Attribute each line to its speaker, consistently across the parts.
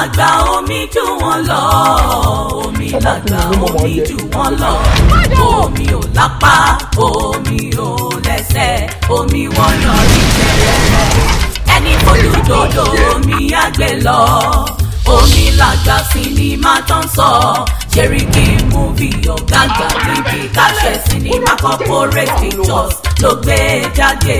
Speaker 1: làgbà omi jù wọ́n lọ omi làgbà omi jù wọ́n lọ omi ò lápá omi ò lẹ́sẹ̀ omi wọ́n yọrí tẹrẹ ẹni fojú omi àgbẹ̀ lọ omi làgbà sinimá tán sọ Ṣẹ̀ríkí múvi ọ̀gáǹgà níbi káṣẹ́ sinimá corporate pictures ló gbé jáde.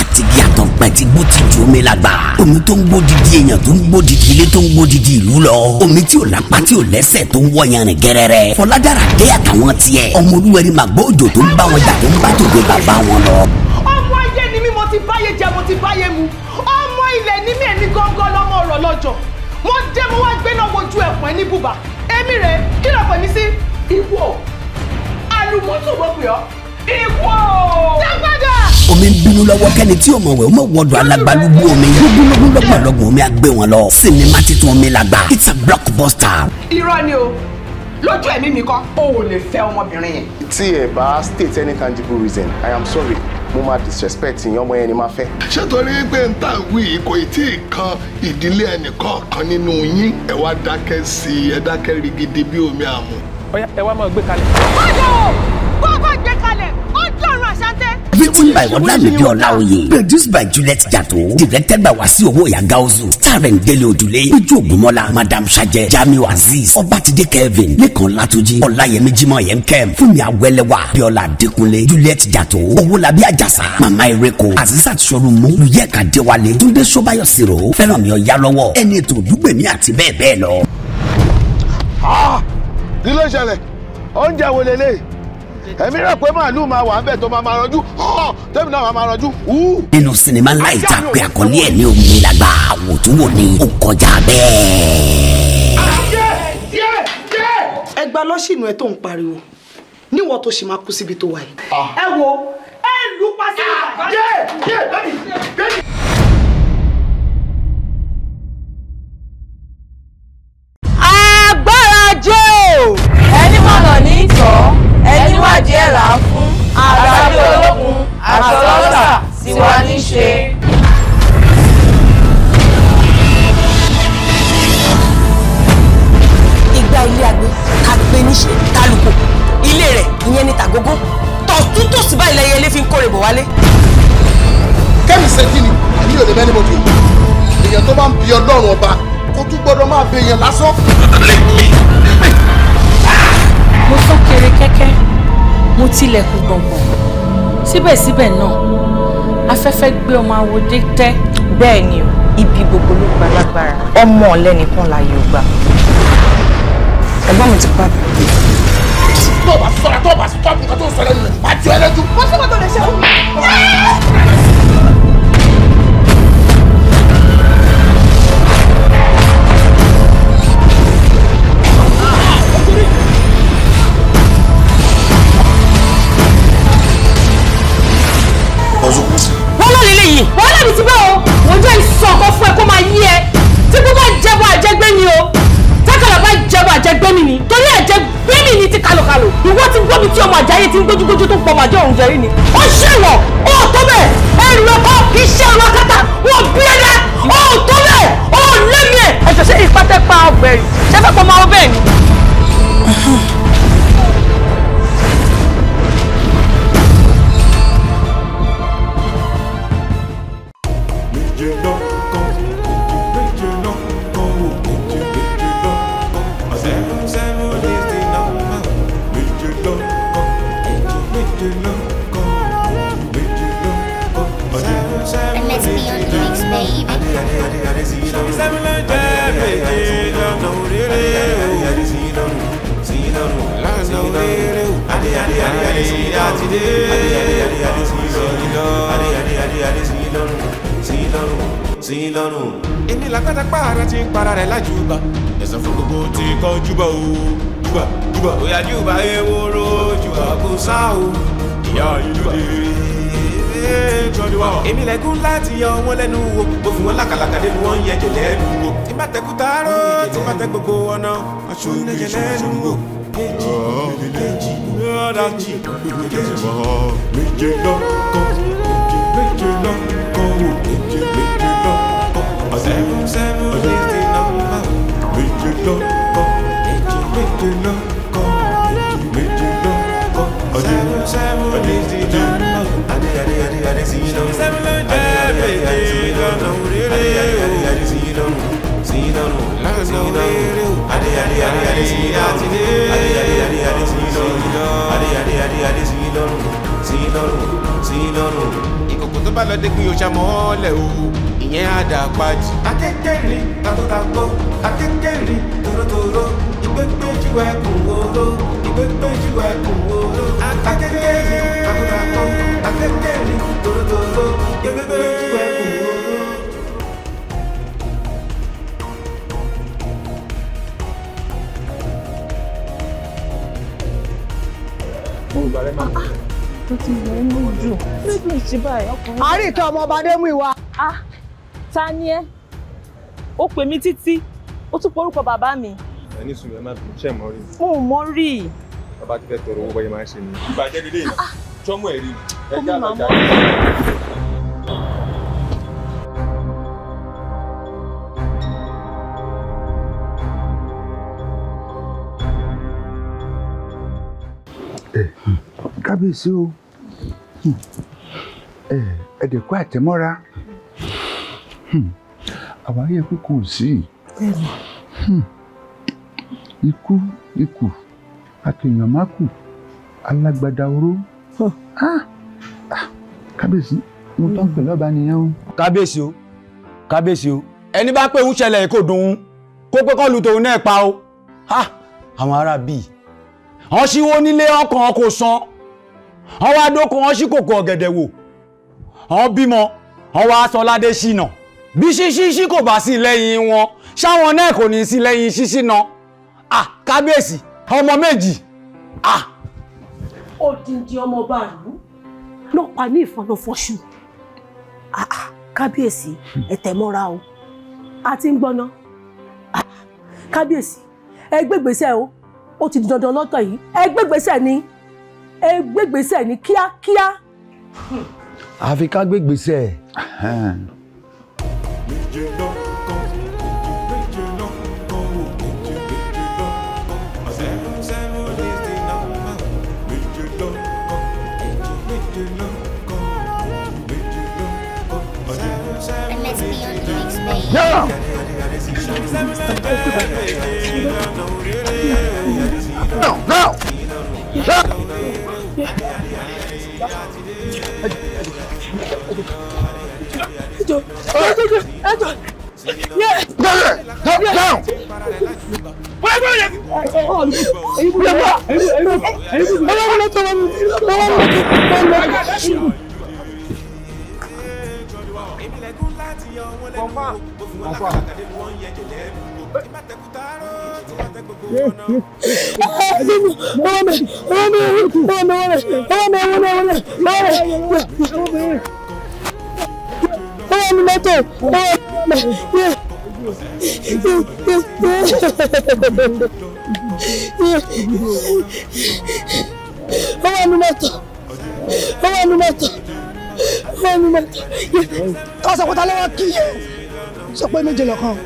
Speaker 1: àti yàtọ̀ ìyẹ̀pẹ̀ tí gbó ti ju omi la gbà. omi tó ń gbó didi èèyàn tó ń gbó didi ilé tó ń gbó didi ìlú lọ. omi tí ò lápá tí ò lẹ́sẹ̀ tó ń wọ̀yàn rìn gẹ́rẹ́rẹ́. fọládára dé àtàwọn tiẹ̀. ọmọ olúwẹ̀rí màgbọ́ òjò tó ń bá wọn jà tó ń bá tòde bàbá wọn lọ. ọmọ ayé ni mí mo ti báyé jẹ mo ti báyé mu ọmọ ilẹ̀ ni mí èmi gángan lọ́mọ ọ̀rọ̀ lọ́jọ́ mo dé mo wá gbé náà wojú ẹ̀fọn ní bùbá èmi rè kí ló pè mí sí ìwọ àlùmọ́tò mo pè omi ń bínú lọ́wọ́ kẹ́ni tí o mọ̀ wẹ̀ o mọ̀ wọ́dọ̀ alágbálúgbó omi gbogbogbò lọ́gbọ̀lọ́gbọ̀ omi àgbẹ̀ wọn lọ sinimá titun omi làgbà it's a blockbuster. irọ́ ni o lójú ẹ̀mí mi kọ́ o ò lè fẹ́ ọmọbìnrin yẹn. tí ẹ bá state any tangible reason i am sorry mo máa disrespect ìyẹn ọmọ yẹn ni máa fẹ́. ṣé torí pé n tà wí kò tí ì kan ìdílé ẹnìkọ̀ọ̀kan nínú yín ẹ wá dákẹ́ sí i ẹ dákẹ́ rigidi bí omi àmú. ọ̀yá ẹ wá máa gbé kalẹ̀. kọ́ńtò kọ́kọ́ gbé kalẹ̀ ó dọ̀rùn àṣàtẹ́ written by ọ̀làmìbí ọ̀làoyè produced by Juliet Jato, directed by Wasiu Owoya Gaozu starring Dele Odule Biju Ogunmọ́lá Madam Shaje, Jamiu Aziz, Obatide Kelvin, Lẹ́kan Latuji, Ọláyẹmí Jimoh, Yemkem, kẹ́m Fúnmi Biola Bíọ́lá Adékúnlé Juliet Jatto Owólabí Àjàsà Màmá Ereko Azizat Sọrùmú Lùyẹ́ka Déwálé Túndé Ṣọ́báyọ̀ Siro Fẹ́rànmi Ọ̀yálọ́wọ́ ẹni ètò Òdúgbèmí àti bẹ́ẹ̀ bẹ́ẹ̀ lọ. ilé ah! ìṣẹ̀lẹ̀ oúnjẹ wo lélẹ́yìí èmi rẹ̀ pé màálù máa wà bẹ́ẹ̀ tó máa máa rọjú tẹ́mi náà máa rọjú. nínú sinimá ńlá ìta pé àkọlé ẹ̀ ní omi lágbà àwòtúwò ni ó kọjá bẹ́ẹ̀. ẹ gba lọ́sìnù ẹ tó ń pariwo níwọ̀n tó ṣì máa kú síbi tó wà yìí. Ah. ẹ wo ẹ lù pa sí àbí èèyàn lásán. mo tún kéré kẹ́kẹ́ mo tilẹ̀kùn gbọ̀ngbọ̀n síbẹ̀síbẹ̀ náà afẹ́fẹ́ gbé ọmọ awodé tẹ́ bẹ́ẹ̀ ni o ibi gbogbo ló gba lágbára ọmọ ọ̀lẹ́nìkan láàyè ọgbà ẹ̀gbọ́n mi ti pa tó bá sọ̀rọ̀ tó bá sọ̀rọ̀ nǹkan tó ń sọ lẹ́nu rẹ̀ bá jọ ẹlẹ́jú. wọ́n sábà tó lè ṣe é. eléyìí. wàhálà mi ti bá o mo jẹ́ ìsọ̀kan fún ẹ kó máa yí ẹ tí kò bá jẹ́bọ̀ àjẹgbé ni o tákàlà bá jẹ́bọ̀ àjẹgbé mi ni torí àjẹgbé mi ni ti kalokalo ìwọ ti gbọ́ mi tí ọmọ àjáyé ti ń gbójúgbójú tó pọ̀ màjọ́ òun jẹ́rí ni
Speaker 2: ju ẹkùn oró ìgbégbé ju ẹkùn oró akékèké àkùdàpọ̀ akékèké ní tòótòótó ìgbégbé ju ẹkùn oró. mo gbà rẹ máa.
Speaker 1: mo ti wọ inú jù níbi ìṣíbà ẹ ọkùnrin. àárín ìtọ́ ọmọ ọba dé mú ìwà. Ah, ta ni ẹ ó pè mí títí ó tún porúkọ bàbá mi ẹni sùn yẹn máa ṣe mọ́ rí. mo mọ rí. bàbá ti fẹ́ tọrọ owó bọ́yẹ máa ń ṣe ni. ìbàjẹ́ lílé yìí tọ́mú
Speaker 2: ah. ẹ̀rí ẹ̀já àbájá. Eh, hmm.
Speaker 1: kábíyèsí o hmm. eh, ẹ̀ẹ́dẹ̀kú àtẹ̀mọ́ra hmm. àwárí ẹ̀kú kò sí. bẹ́ẹ̀ ikú ikú akèèyàn má kù alágbádá oró ah, ah. kábíyèsí mo tán pẹ̀lú ọba nìyẹn o. kábíyèsí o kábíyèsí o ẹni bá pé òun ṣẹlẹ̀ kò dùn ún kó pé kọ́ lu tòun náà pa o àwọn ará bíi wọ́n ṣíwó nílé ọkàn kò san wọ́n wá dókun wọ́n ṣí kòkò ọ̀gẹ̀dẹ̀ wò wọ́n bímọ wọ́n wá sọ ládé ṣìnà bí ṣíṣí kò bá sí lẹ́yìn wọn ṣáwọn náà kò ní sí lẹ́yìn ṣíṣí náà ah kábíyèsí ọmọ méjì ah. odindi ọmọ bàálù ló pa ní ìfọnàfọṣù ah kábíyèsí ẹ̀tẹ̀mọ́ra o a ti ń gbọ́ná kábíyèsí ẹ gbégbèsè o ó ti di dandan lọ́tọ̀ yìí ẹ gbégbèsè ni ẹ gbégbèsè ni kíákíá. àfi ká gbégbèsè. ìjìnlọ
Speaker 2: No, no! No! Yes! Down! ọwọ́ mi mọ́tò ọwọ́ mi mọ́tò ọwọ́ mi mọ́tò ọwọ́ mi
Speaker 1: mọ́tò ọwọ́ mi mọ́tò kọ́sọ̀kọ́ta lọ́wọ́ kí yẹ sọ pé méje lọ́kàn.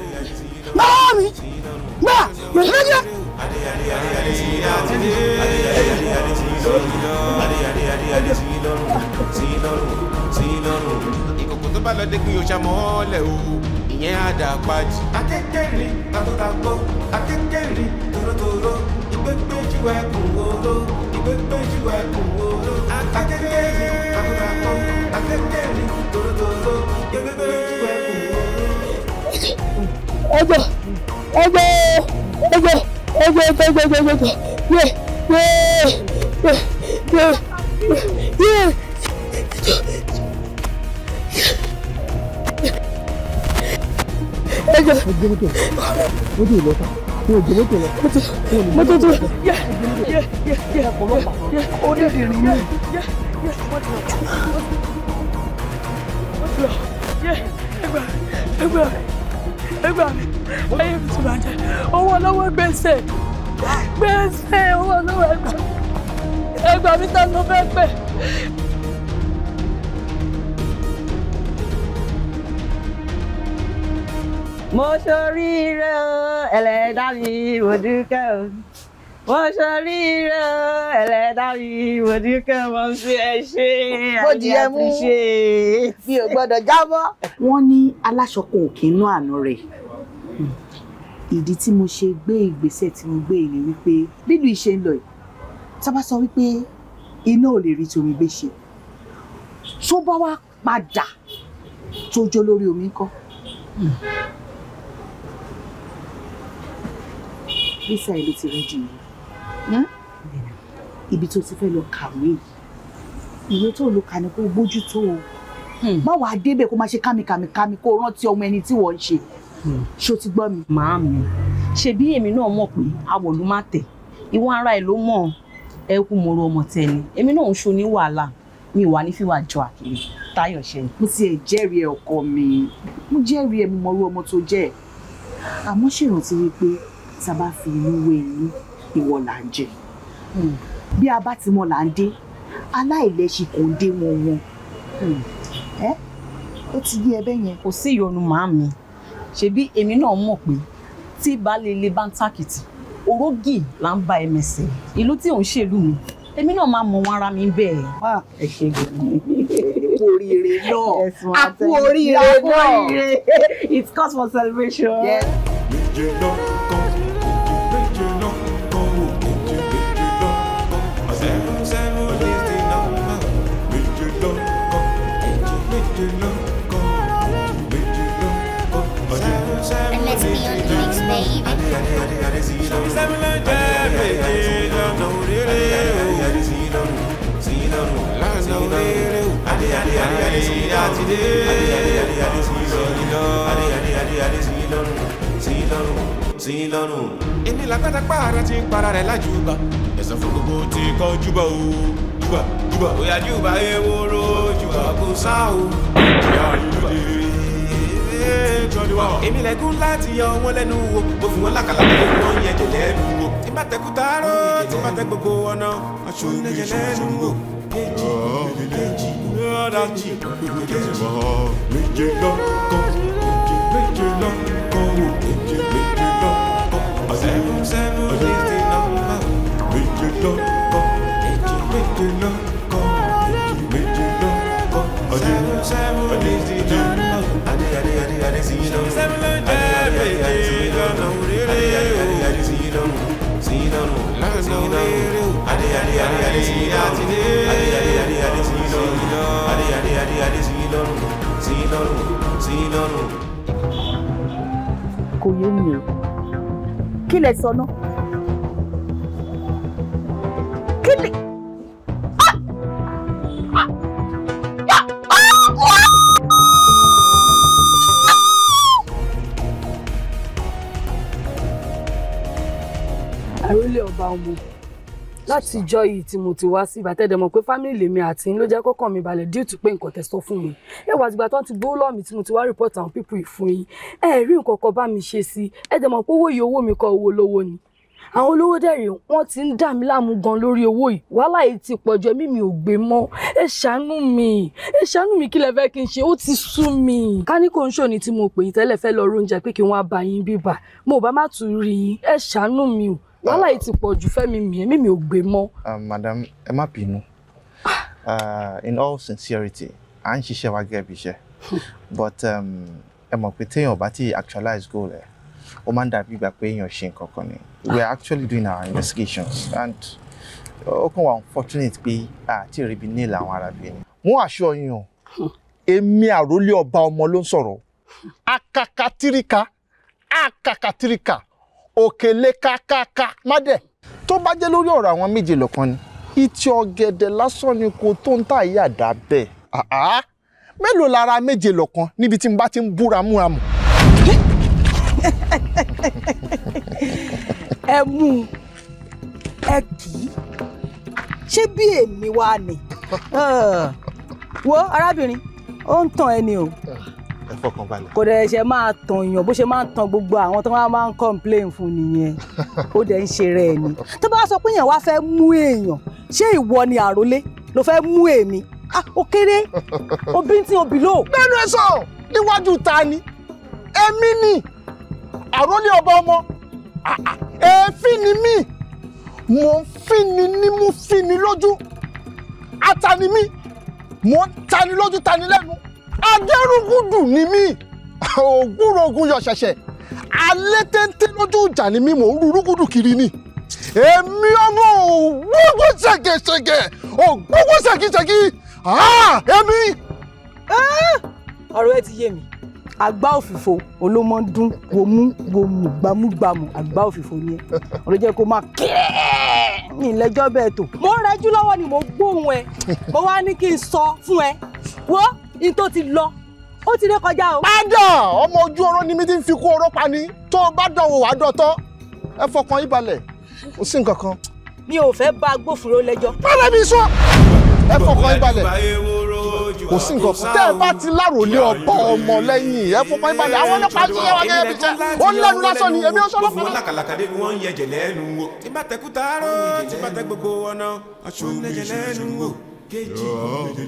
Speaker 2: ìkòkò tó bá lọ dégun yóò ṣàmọ́lẹ̀ o ìyẹn á dà pàjì. akékeré takotakó akékeré torotoro ìgbẹ́gbẹ́jú ẹkùn wòró ìgbẹ́gbẹ́jú ẹkùn wòró akékeré takotakó akékeré torotoro ìgbẹ́gbẹ́jú ẹkùn
Speaker 1: wòró. ẹgbẹ́ ẹgbẹ́ ẹgbẹ́ ẹgbẹ́ ẹgbẹ́ ẹgbẹ́ ẹgbẹ́ yẹ. Yeah. Yeah. ẹjọ mi. ẹgbà ẹgbà ẹgbà mi ayé mi ti ẹ gbà mí tá ló fẹ́ pè. mo ṣoríire o ẹlẹ́dá mi mo dúpẹ́ o mo ṣoríire o ẹlẹ́dá mi mo dúpẹ́ o mo fi ẹ ṣe àti àtúnṣe. mi ò gbọ́dọ̀ jábọ́. wọ́n ní aláṣọ kan kí ń ná àánú rẹ̀ hmm. ìdí tí mo ṣe gbé ìgbésẹ̀ tí mo gbé ni wípé bílù iṣẹ́ ń lọ yìí tá a bá sọ wípé iná ò lè rí torí gbé ṣe tó bá wá padà tó jó lórí omi ńkọ́. Lisa ìlú ti rẹ jù yìí ibi tó ti fẹ́ lọ kàwé ìwé tó lò kàní kó gbójú tó o hmm. má wàá débẹ̀ kó má ṣe kámikàmikàmi kó rántí ọmọ ẹni tí wọ́n ń ṣe hmm. ṣó ti gbọ́ mi. màá mi ṣebí èmi náà mọ̀ pé awọ ló má tẹ̀ ìwọ ara ẹ̀ ló mọ̀ ọ́ ẹ kú moro ọmọ tẹni èmi náà ń ṣo ní wàhálà mi wà ní fíwà jọ àkìlì táyọ̀ ṣe ni. mo ti ẹ̀ jẹ́rìí ẹ ọkọ mi mo jẹ́rìí ẹ mo mọrú ọmọ tó jẹ́ ẹ̀ àmọ́ ṣèrántí wípé tá a bá fi inú wé inú ìwọ là ń jẹ hmm. bí a bá ti mọ là ń dé aláìlẹ́sìn kò ń dé wọn wọn hmm. ẹ ó ti yí ẹbẹ yẹn. kò sí ìyọnu màá ṣebí èmi náà mọ̀ pé tí baálé ilé bá ń tàkìtì orógì là ń ba ẹ̀mẹ̀sẹ̀ ìlú tí òun ṣèlú mi èmi náà máa mọ wọn ara mi bẹ́ẹ̀. Ah. ẹ ṣe oríire náà a kú oríire náà it's cause for celebration.
Speaker 2: let's be honest sẹ́mílẹ̀ jẹ́ méje lọ́nà òrèrè o lọ́nà òrèrè o àti dé sí lọ́rùn. èmi làgbàdà pààrà ti ń para rẹ̀ lájúbà ẹ̀sán fún gbogbo ti kọ́ júbà o júbà júbà. bóyá júbà ewúro júbà kò sá o júbà júbà èmi lẹ́gùn láti yan wọn lẹ́nu wo mo fi wọn làkàlà pé wọ́n yẹ jẹ̀lẹ́ ẹnu wo tí bá tẹkù tààrọ́ tí bá tẹ gbogbo ọ̀nà ọ̀ṣun ilé jẹ̀lẹ́ ẹnu wo kejì kejì ọ̀dàjì kejì méje lọ́kọ̀ méje lọ́kọ̀ wò méje méje lọ́kọ̀ sẹ́nu sẹ́nu ní ti nọ́mbà méje lọ́kọ̀ méje méje lọ́kọ̀ méje méje lọ́kọ̀ sẹ́nu sẹ́nu ní ti nọ́mbà
Speaker 1: kò yé mi o kí lẹ sọ náà. ọmọ láti jọ yìí tí mo ti wá sí ìbátẹ́dẹ̀ mọ̀ pé fámìlì lèmi àti ló jẹ́ kọ́kàn mi balẹ̀ díìtù pé nǹkan tẹ̀ sọ fún mi ẹ wà àtìgbà tán ti gbowó lọ́ọ̀mì tí mo ti wá report àwọn pípù ìfún yín ẹ rí nǹkan kan bá mi ṣe sí ẹ dẹ̀ mọ̀ pé owó yìí owó mi kọ́ owó lówó ni àwọn olówó dẹ̀rẹ̀ wọ́n ti ń dà mí láàmú gan lórí owó yìí wàhálà yìí ti pọ̀ jọ mímì ò gbé mọ́ ẹ ṣàánú mi ẹ ṣàánú mi kí lẹ fẹ́ kí n ṣe ó ti sú mi. ká ń ṣòní tí mo pè yín tẹ́lẹ̀ fẹ́ lọ róúnjẹ pé kí wọ́n á bá yín bíbà mo bá má tún rí yín ẹ ṣàánú mi o wàhálà ah. yìí ti pọ̀ jù fẹ́mi mi èmi mi ò gbé mọ́. Ah, madam ẹ má bínú ah. in all sincerity à ń ṣiṣẹ́ wa gẹ́gẹ́ bí iṣẹ́ but um, ẹ mọ̀ pé téèyàn bá ti actualize goal ẹ̀ ó máa ń dàbí ìgbà pé èèyàn ṣe nǹkan kan ni
Speaker 2: we are actually doing
Speaker 1: our investigations and ó kàn wá unfortunate pé àti ìrìbí nail àwọn arábìnrin ni. wọ́n aṣọ yín o èmi àròlé ọba ọmọ ló ń sọ̀rọ̀ akakatirika akakatirika òkèlè kàkàkà mádẹ̀ tó bá jẹ́ lórí ọ̀rọ̀ àwọn méje lọ́kàn ni ìtì ọ̀gẹ̀dẹ̀ lásán ni kò tó ń tà yà dá bẹ́ẹ̀ àá mélòó lára méje lọ́kàn níbi tí n bá ti ń búra múra mọ̀. ẹ mú un ẹ kì í ṣé bí èmi wà ni wo arábìnrin ó ń tàn ẹni o.
Speaker 2: ẹ fọkàn balẹ̀. kò dẹ̀
Speaker 1: ṣe máa tàn yàn bó ṣe máa ń gbogbo àwọn tó máa ń complain fún nìyẹn ó dẹ̀ ń ṣe rẹ̀ ni tó bá sọ pé èèyàn wá fẹ́ mú èèyàn ṣé ìwọ ni àrólé ló fẹ́ mú èmi ah ó kéré obí tí obì lò. lẹ́nu ẹ sọ níwájú ta ni èmi ni àrólé ọba ọmọ èéfín ah, ah, ni mí mo ń fínni ní mo fínni lójú atani mí mo ń tani lójú tani lẹ́nu agẹrùgùdù ni mí ògúnrò ogun yọ ṣẹ̀ṣẹ̀ alẹ́ téńté lójú ìjà ni mí mò ń rú rúgùdù kiri ni èmi ọmọ ògúngún ṣẹ̀gẹ̀ṣẹ̀gẹ̀ ògúngún ṣẹ̀gìṣẹ̀gì ah, èmi. ọ̀rọ̀ ẹ ti yé mi àgbá òfìfo olómọ dún wòmú wòmù àgbá òfìfo ni ẹ ọ̀rọ̀ jẹ́ kó máa kílẹ̀ ní ìlẹ́jọ́ bẹ́ẹ̀ tó. mo rẹjú lọ́wọ́ ni mo gbóhùn ẹ mo wá ní kí n sọ fún ẹ wo in tó ti lọ ó ti ré kọjá o. padà ọmọ ojú oró ni mi ti ń fi kú oró pa ni tó o bá dánwò wá dọ̀tọ́ ẹ fọkàn yín balẹ̀ kò sí nǹkan kan. mi ò fẹ́ bá agbófinró lẹ́jọ́. bọ́lá mi sọ
Speaker 2: ẹ fọkàn yín balẹ̀
Speaker 1: kò sí nǹkan kan tẹ́ ẹ bá ti láròlé ọ̀pọ̀ ọmọ lẹ́yìn ẹ fọkàn yín balẹ̀ àwọn ọlọ́pàá ti yẹ wá gẹ́gẹ́ bí jẹ́ ó lẹ́nu lásán ni èmi ò sọ lọ́pàá.
Speaker 2: làkàlàkàdé ni wọ́n ń yẹ jẹ̀lẹ́nu wo. tí bá tẹkùtà rọ tí bá gbogbo ọ̀nà kejì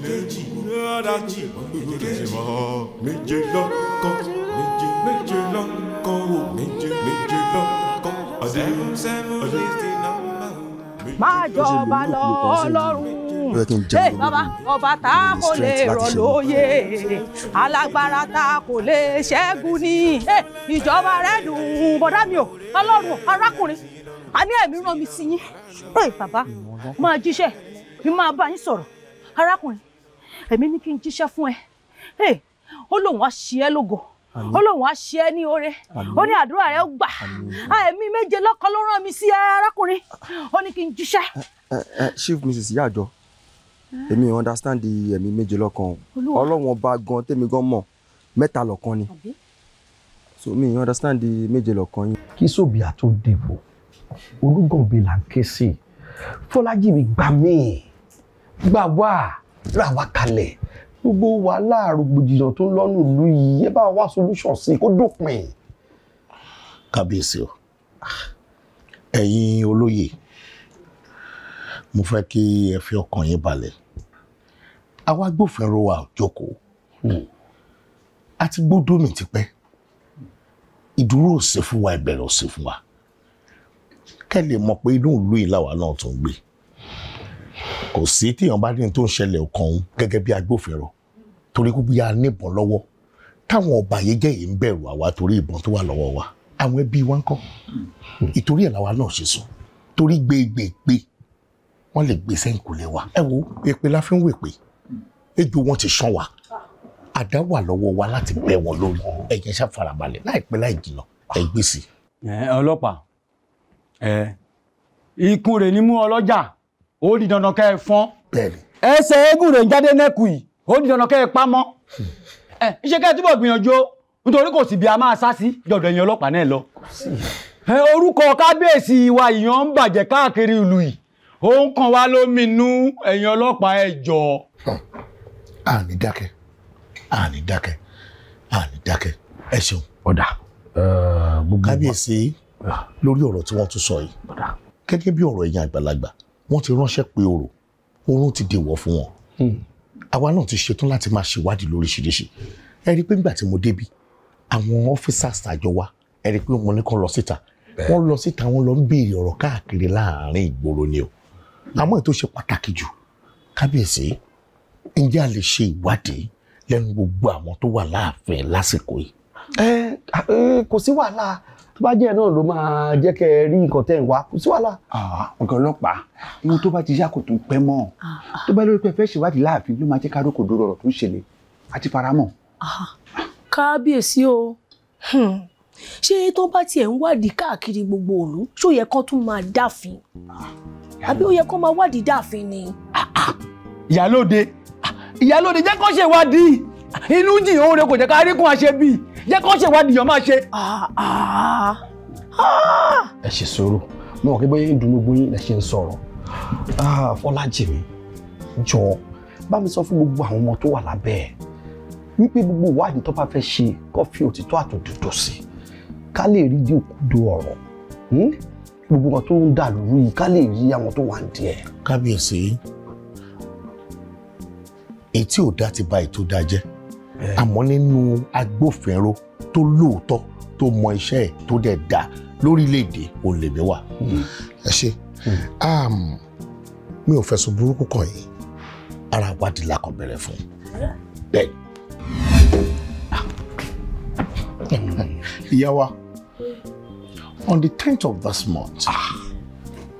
Speaker 2: kejì kejì kejì méje lọ́kọ́ méje méje lọ́kọ́ o méje méje lọ́kọ́ ọdẹ ọdẹ.
Speaker 1: máa jọba lọ ọlọ́run rẹ Baba, n jẹ ọba tá kò lè rọ lóye alágbára tá kò lè ṣẹ́gun ìjọba rẹ dùn bọ́dá mi ò ọlọ́run arákùnrin a ní ẹ̀mí rán mi sí yín bàbá máa jíṣẹ́ mi máa bá yín sọ̀rọ̀ arákùnrin èmi ní kí n jíṣẹ́ fún ẹ ó lóun á ṣe ẹ́ lógo ó lóun á ṣe ẹ́ ní oore ó ní àdúrà rẹ̀ ó gbà àìmí ah, méje lọ́kọ ló rán mi sí ẹ arákùnrin ó ní kí n jíṣẹ́. Eh, eh, eh, chief mrs yàjọ èmi understand di ẹ̀mí méje lọ́kàn ọlọ́run ọba gan tèmi gan mọ̀ mẹ́ta lọ́kàn ni so mi understand di méje lọ́kàn yín. kí sóbì àtúndìbò olúgànbí là ń ké sí fọlájì mi gbà míì gbà wá rà wá kalẹ̀ gbogbo wàhálà rògbòdìyàn tó ń lọ́nù ìlú yìí ẹ bá wá solution sí i kó dópin. kábíyèsí o ẹ̀yin olóyè mo fẹ́ kí ẹ fi ọkàn yín balẹ̀ àwa agbófinró wa ò jókòó hmm. a ti gbódó mi tipẹ́ ìdúró ò sí fún wa ìbẹ̀rẹ̀ ò sí fún wa kẹ́ mọ̀ pé inú ìlú ìlàwà náà tó ń gbé kò sí téèyàn bá ní tó ń ṣẹlẹ̀ ọkàn òun gẹ́gẹ́ bí agbófinró torí gbogbo ya níbọn lọ́wọ́ táwọn ọba yìí jẹ́ yìí ń bẹ̀rù àwa torí ìbọn tó wà lọ́wọ́ wa àwọn ẹbí wa ń kọ́ ìtorí ẹ̀ làwa náà ṣe sùn torí gbégbégbé wọ́n lè gbé sẹ́ńkulẹ̀ wa ẹ wo èpè la fi ń wèpè ejò wọn ti ṣán wa àdá wà lọ́wọ́ wa láti bẹ̀ wọ́n lórí ẹ̀jẹ̀ ṣá farabalẹ̀ láìpẹ́ láì jìnnà ẹ̀ gbèsè. ọlọ́pàá ikú rẹ̀ ní mú ọlọ́jà ó di dandan kẹ́ ẹ fọ́n ẹsẹ̀ eégún rẹ̀ ń jáde nẹ́kù yìí ó di dandan kẹ́ ẹ pamọ́ ẹ ṣe kẹ́ ẹ túbọ̀ gbìyànjú nítorí kò sì bí a máa sá sí jọ̀dọ̀ ẹ̀yin ọlọ́pàá náà lọ. orúkọ kábíyèsí wa ìyàn ń bàjẹ́ káàkiri ìlú yìí ó ń kàn wá lóminú ẹ̀yin ọlọ́pàá ẹ jọ̀ọ́. àní dákẹ́ àní dákẹ́ àní dákẹ́ ẹ ṣeun. ọ̀dà kábíyèsí ah. lórí ọ̀rọ̀ tí wọ́n tún sọ yìí gẹ́gẹ́ bí ọ̀rọ̀ ẹ̀yin àgbàlagbà wọ́n ti ránṣẹ́ pé orò oorun ti dèwọ̀ fún wọn hmm. àwa náà ti ṣetán láti máa ṣèwádìí lóríṣiríṣi ẹ rí i pé nígbà tí mo débi àwọn ọ́fíṣàs àjọ wa ẹ rí i pé mo ní kàn lọ síta wọ́n lọ síta wọ́n lọ ń béèrè ọ̀rọ̀ káàkiri láàárín ìgboro ni o hmm. àmọ́ èyí tó ṣe pàtàkì jù kábíyèsí ǹjẹ́ a lè ṣe ìwádìí lẹ́nu gbogbo àwọn tó wà láàfin lásìkò yìí. ẹ kò sí wàhálà tó bá jẹ́ náà ló máa jẹ́ kẹ́ ẹ rí nǹkan tẹ́ ń wá kò sí wàhálà. ọ̀gá ah, ọlọ́pàá inú tó bá ti yá kò tún pẹ́ mọ́ ah. tó bá lórí pé fẹ́ ṣèwádìí láàfin ló máa jẹ́ kárókò dòrò ọ̀rọ̀ tó ń ṣẹlẹ̀ àti faramọ́. Ah, kábíyèsí o hmm. ṣé tó bá tiẹ̀ ń wádìí káàkiri gbogbo òlu ṣó yẹ kán tún máa dáàfin àbí ó yẹ kán máa wádìí dáàfin ni. ìyálóde ìyálóde jẹ́ kó ṣèwádìí inú jì òun rẹ kò jẹ́ ká rí kún àṣẹ bíi jẹ́ kó ṣèwádìí yàn máa ṣe. Ah, ah. ẹ ṣe sùúrù mo mọ̀ pé bóyá ń dun gbogbo yín lẹ ṣe ń sọ̀rọ̀ ah, Fọlájìmí jọ̀ọ́ bá mi sọ fún gbogbo àwọn ọmọ tó wà lábẹ́ ẹ̀ wípé gbogbo ìwádìí tó bá fẹ́ ṣe kó fi òtítọ́ àtòdodo sí ká lè rí di òkúdo ọ̀rọ̀ hmm? gbogbo nǹkan tó ń dà lóru yìí ká lè rí àwọn tó wà ń díẹ̀. kábíyèsí èyí ò dá ti bà èyí dá jẹ́ Eh. àmọ́ nínú agbófinró tó lóòótọ́ tó mọ iṣẹ́ ẹ̀ tó dẹ̀ dá lórílẹ̀‐èdè olèmí wà. Hmm. ẹ ṣe hmm. mi ò fẹ̀sùn burúkú kàn yín ara ìwádìí la kàn bẹ̀rẹ̀ fún bẹ́ẹ̀. ìyá wa on the tenth of this month ah.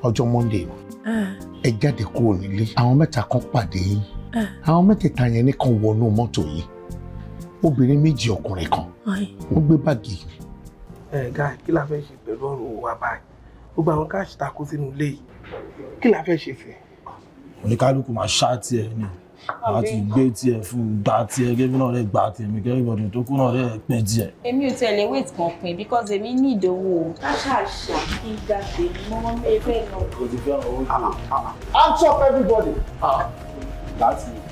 Speaker 1: ọjọ́ monday ah. ẹ jáde kúrò nílé àwọn mẹ́ta kan pàdé yín ah. àwọn mẹ́tẹ̀ẹ̀ta yẹn nìkan wọnú mọ́tò yìí obìnrin méjì ọkùnrin kan wọ́n gbé báàgì. ẹ ga kí la fẹ́ ṣe pẹ̀lú ọ̀rọ̀ wa báyìí gbogbo àwọn káàṣì ta kó sínú ilé yìí kí la fẹ́ ṣe fẹ́. oníkálukú máa ṣá tiẹ̀ ni a ti gbé tiẹ̀ fún gba tiẹ̀ kébí náà rẹ̀ gba tiẹ̀ mi kẹ́rì bọ̀dẹ̀ tó kú náà rẹ̀ pín tiẹ̀. èmi ò tẹ̀lé wait kan pin because èmi ní ìdánwò. káṣá ṣá kí n ga tèmi mọ́ ẹgbẹ́ náà. o ti fẹ́ràn owó jù. hands ah, ah, ah. up everybody. that's it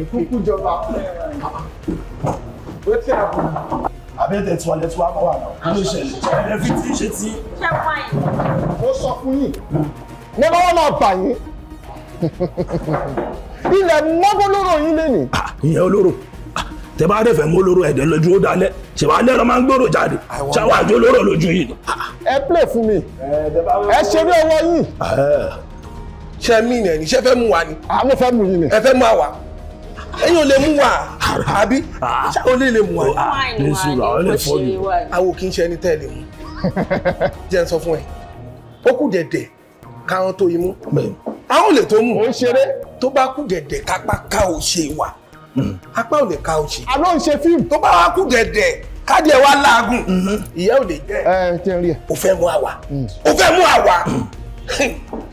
Speaker 1: ìkúkú jọba ó
Speaker 2: ti
Speaker 1: bà yín ilẹ̀ mọ́bó yín lé ní. Ah, ìyẹn olóró ah, tẹ bá rẹ fẹ mú olóró ẹdẹ
Speaker 2: lójú ó dalẹ ṣèwà lẹrọ máa ń gbòòrò jáde ṣàwájú olóró lójú yìí. ẹ pè fún mi ẹ ṣeré ọwọ́ yìí. Ah, ṣe mí nìyẹn ni ṣe fẹ́ mú wa ni.
Speaker 1: àwọn ah, fẹ́ mú yín ni. ẹ fẹ́ mú àwa ẹ̀yin ò lè mú wa ah. àbí ṣáà ó lè lè mú wa. ní sùúrù àwọn lè fọ́ mi. àwọn ò kì í ṣe ẹni tẹ́ ẹ lè mú. jẹ́ n sọ fún ẹ ó kù dẹ̀dẹ̀ káwọn tó imú àwọn ò lè tó mú. ó ń ṣeré. tó bá kù dẹ̀dẹ̀ kápá ká ò ṣe wa apá mm-hmm. ò lè ká ò ṣe. àlọ́ ń ṣe fíìmù. tó bá wá kù dẹ̀dẹ̀ káàdì ẹ̀ wá láàgùn mm-hmm. ìyá ò lè jẹ́ eh, ẹ̀ ò fẹ́ mú àwa ò mm. fẹ́ mú àwa. Mm.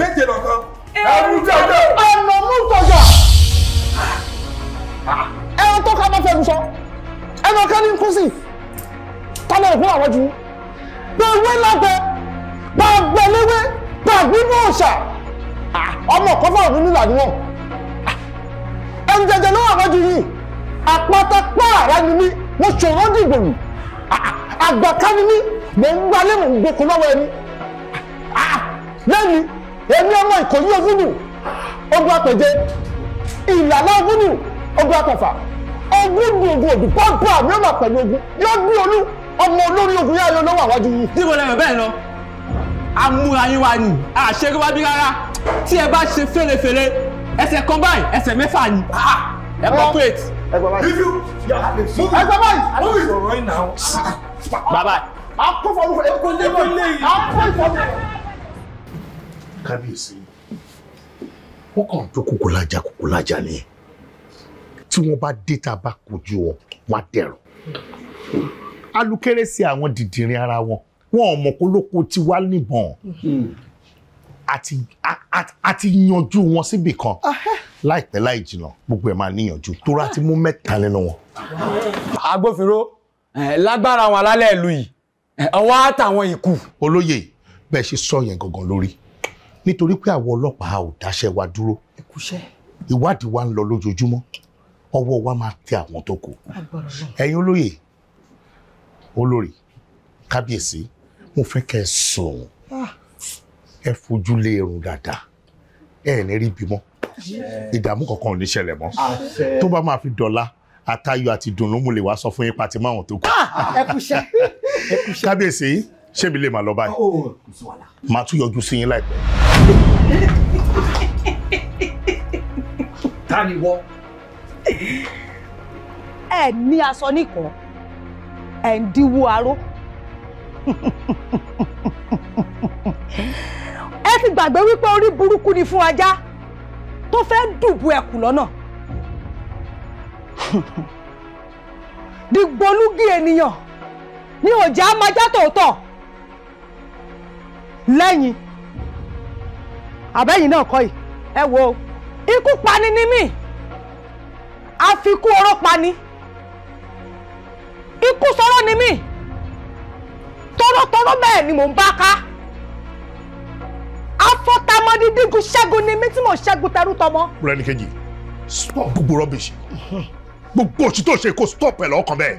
Speaker 1: méje lọ́kàn. ẹrù jẹjẹ. ọ̀nà mú tọ̀jà. ẹran tó ká bá fẹ́ sọ ẹnu ọ̀kan ní kùsì tálẹ̀ ìpín àwọn jù. gbẹ̀wé lábẹ́ gbàgbẹ́léwé gbàgbínú òòṣà ah, ọmọ kan fọ̀rọ̀ nínú ìlànà wọn. ẹnu jẹjẹ ló wà wájú yìí àpáta pààrà ni mí mo ṣòro dìgbòlù ah, àgbàká ni mí mò ń gbalé mò ń gboko lọ́wọ́ ẹni ah, lẹ́yìn èmi ọmọ ìkòyí ogúnù ogun apẹ̀jẹ ìlànà ogúnù ogun apẹ̀fà ogúnù ogun òdù pọ́ńpọ́ àmì ọmọ pẹ̀lú ogun yóò bí olú ọmọ olórí ogun yára lọ́wọ́ àwájú yìí. níbo lẹ́yìn bẹ́ẹ̀ lọ amúra yín wa ni àṣeré wá bí rárá tí ẹ bá ṣe fèrèfèrè ẹsẹ̀ kan báyìí ẹsẹ̀ mẹ́fà ni ah, ẹ kọ́ plate. ẹgbẹ́ báyìí. bàbá. akófò olùfẹ́ ẹ̀kọ́ lé kábíyèsí wọ́n kàn tó kúkú lájà kúkú lájà ni tí wọ́n bá dé tá a bá kojú ọ wọ́n á dẹ̀rọ̀ alukéré sí àwọn dìdìrín ara wọn wọn ò mọ̀ kó lóko tí wàá níbọn àti yanjú wọn síbì kan láìpẹ́ láì jìnnà gbogbo ẹ̀ máa níyànjú torí àti mú mẹ́ta nínú wọn. agbófinró lágbára àwọn alálẹ̀ ìlú yìí ọwọ́ àtàwọn ìkù. olóyè bẹ́ẹ̀ ṣe sọ yẹn gangan lórí nítorí pé àwọn ọlọ́pàá ò dáṣẹ́ wa dúró ìwádìí wa ń lọ lójoojúmọ́ ọwọ́ wa máa tẹ àwọn tó kù ẹ̀yin olóyè olórí kábíyèsí mo fẹ́ kẹ́ ẹ sùn ah. ẹ fojú lé irun dáadáa ẹ ní rí bímọ ìdààmú kankan ò ní ṣẹlẹ̀ mọ́ tó bá máa fi dọ̀la àtayọ̀ àti dùnnú lè wá sọ fún yín pàtí máwọn tó kù ah, kábíyèsí ṣé mi lè máa lọ báyìí. Oh, oh, oh, màá tún yọjú sí yín láìpẹ́. ta ni wọ. ẹ ní aṣọ nìkan ẹ ń dínwó aró ẹ ti gbàgbé wípé orí burúkú ni fún ajá tó fẹ́ dùbù ẹkù lọ́nà dìgbòlúgi ènìyàn ni òjá májá tòótọ́ lẹ́yìn àbẹ́yìn náà kọ́ yìí ẹ wo ikú pani ni mí àfikún oró pani ikú sọ̀rọ̀ ni mí tọ́rọ́tọ́rọ́ bẹ́ẹ̀ ni mò ń bá ká afọ́tamọ́dí dígun ṣẹ́gun ni mí tí mò ń ṣẹ́gun tẹrú tọmọ. rẹni kejì stop gbogbo rubbish gbogbo òṣìṣẹ́ òṣèré kò stop ẹ̀ lọ́kàn bẹ́ẹ̀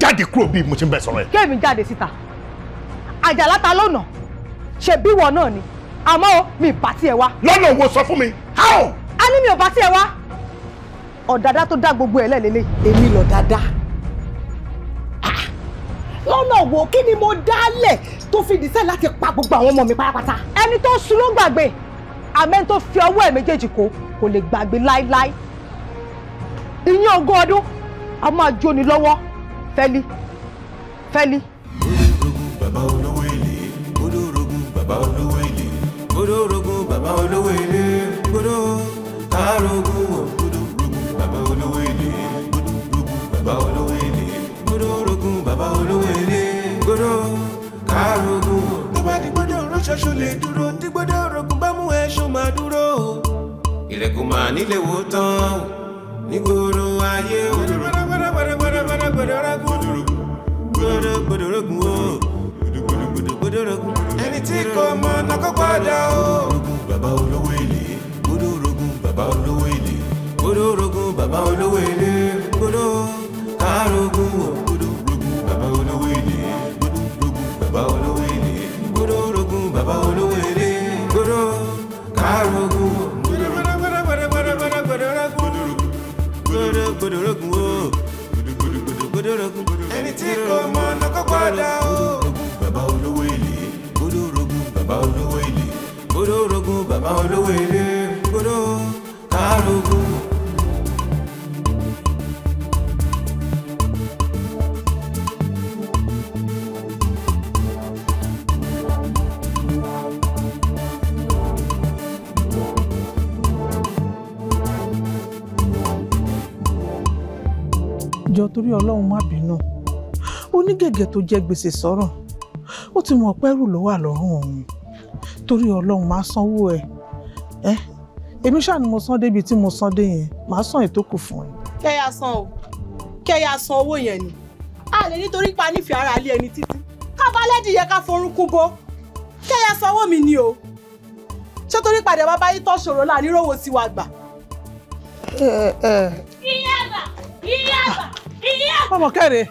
Speaker 1: jáde kúrò bí mo ti ń bẹ sọ̀rọ̀ ẹ̀. kéèmí jáde síta àjàlá ta lónà. No ṣe bí wọ náà ni àmọ́ mi bá tiẹ̀ wá. lọ́nà wo sọ fún mi how. a ní mi ò bá tiẹ̀ wá ọ̀dàdá tó dá gbogbo ẹ̀ lẹ́lẹ́lẹ́ èmi lọ dáadáa lọ́nà wo kí ni mo dálẹ̀ tó fi dìísẹ́ láti pa gbogbo àwọn ọmọ mi pátápátá. ẹni tó sun ló gbàgbé àmẹ́ni tó fi ọwọ́ ẹ̀ méjèèjì kó kò lè gbàgbé láéláé ìyẹn ogún ọdún a máa jóni lọ́wọ́ fẹ́lí fẹ́lí. bàbá olówó
Speaker 2: gbódò rogo bàbá olówó ilé gbódò kárógo gbódò rogo bàbá olówó ilé gbódò rogo bàbá olówó ilé gbódò rogo bàbá olówó ilé gbódò kárógo. tó bá di gbódò ránṣọṣọ lè dúró tí gbódò rogun bá mú ẹṣọ máa dúró. ìrẹ̀kùn máa nílé wo tán nígboro ayé òdòdó gbódò gbódò gbódò gbódò gbódò gbódò gbódò gbódò gbódò gbódò gbódò gbódòrógún ẹni tí kò mọ̀ náà kó padà o. gbódòrógún bàbá olówó èlé gbódòrógún bàbá olówó èlé gbódòrógún bàbá olówó èlé.
Speaker 1: gẹ̀gẹ̀ tó jẹ́ gbèsè sọ́rùn ó ti mọ̀ pẹ́rù ló wà lọ́rùn òun torí ọlọ́run máa sanwó ẹ̀ ẹ́ èmi ṣáà ni mo san débi tí mo san dé yẹn màá san ìtókù fún ẹ. kẹ́yà san o kẹ́yà san owó yẹn ni a lè nítorí pa nífẹ̀ẹ́ ara lé ẹni títí kábàlẹ́dì yẹ ká forúnkún bó kẹ́yà san owó mi ni o ṣé torí padà bàbá yìí tọ́ ṣòro láàrin rówó sí wa gbà. ìyá àgbà ìyá àgbà ìyá àgbà. ọmọ kẹrin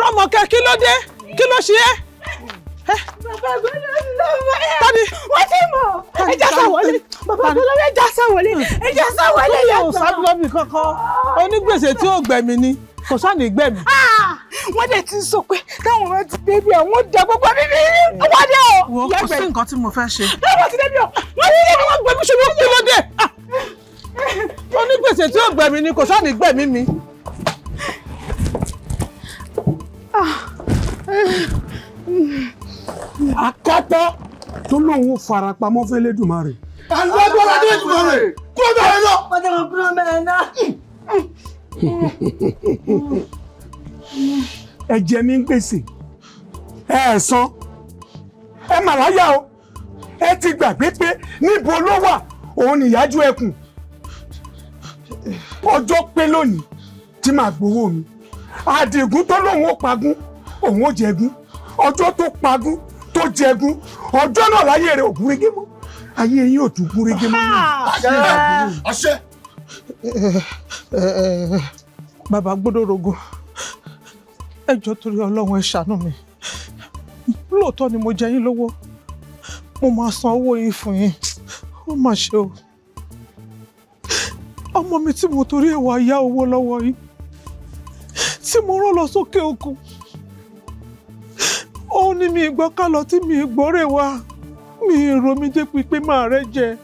Speaker 1: Rọ́mọkẹ́ kí ló dé kí ló ṣe é. bàbá gbọ́dọ̀ ló mọ ẹ wọ́n ti mọ̀ ẹja sáwọlé bàbá gbọ́dọ̀ ẹja sáwọlé ẹja sáwọlé yàtọ̀. kúlẹ̀ sábúlọ́bì kankan onígbèsè tí ó gbẹ̀mí ni kò sáàní gbẹ̀mí. Ah, wọ́n dẹ̀ ti sọ pé táwọn ọmọ ti débi ẹ̀ wọ́n dẹ gbogbo bíbí wọ́n dẹ o. wo kò sí nǹkan tí mo fẹ́ ṣe. lọ́wọ́ ti débi ọ̀ wọ́n ní ilé wọn gbẹ̀mí ṣe ló kí ló dé. Ah! onígbèsè tí ó gbẹ̀mí ni kò sáàní gbẹ̀mí mi akátá tó lóun farapamọ́ fẹ́lẹ́dùmarè.
Speaker 2: alágbára tó Èdùmarè
Speaker 1: kúrò bẹ́ẹ̀ lọ. ọjọ́ kan kúrò bẹ́ẹ̀ náà. ẹ̀jẹ̀ mi ń gbèsè ẹ̀ ẹ̀ san ẹ mà láyà o ẹ ti gbàgbé pé níbo ló wà òun nìyájú ẹkùn ọjọ́ pé lónìí tí màá gbowó mi àdìgún tó lóun ó pagún òun ó jẹgún ọjọ́ tó pagún tó jẹgún ọjọ́ náà láyé rẹ̀ ò gúnrégé mọ́ ayé yín ò tún gúnrégé mọ́. àṣẹ. bàbá gbọ́dọ̀ rogo ẹ jọ̀ọ́ torí Ọlọ́run ẹ ṣàánú mi lóòótọ́ ni mo jẹ yín lówó mo máa san owó yín fún yín ó mà ṣe o ọmọ mi tí mo torí ẹ̀ wá yá owó lọ́wọ́ yín tí mo rán lọ sókè òkun ó ní mi gbọ́ ká lọ tí mi gbọ́rẹ̀ wá mi rò mí dé pípé máa rẹ jẹ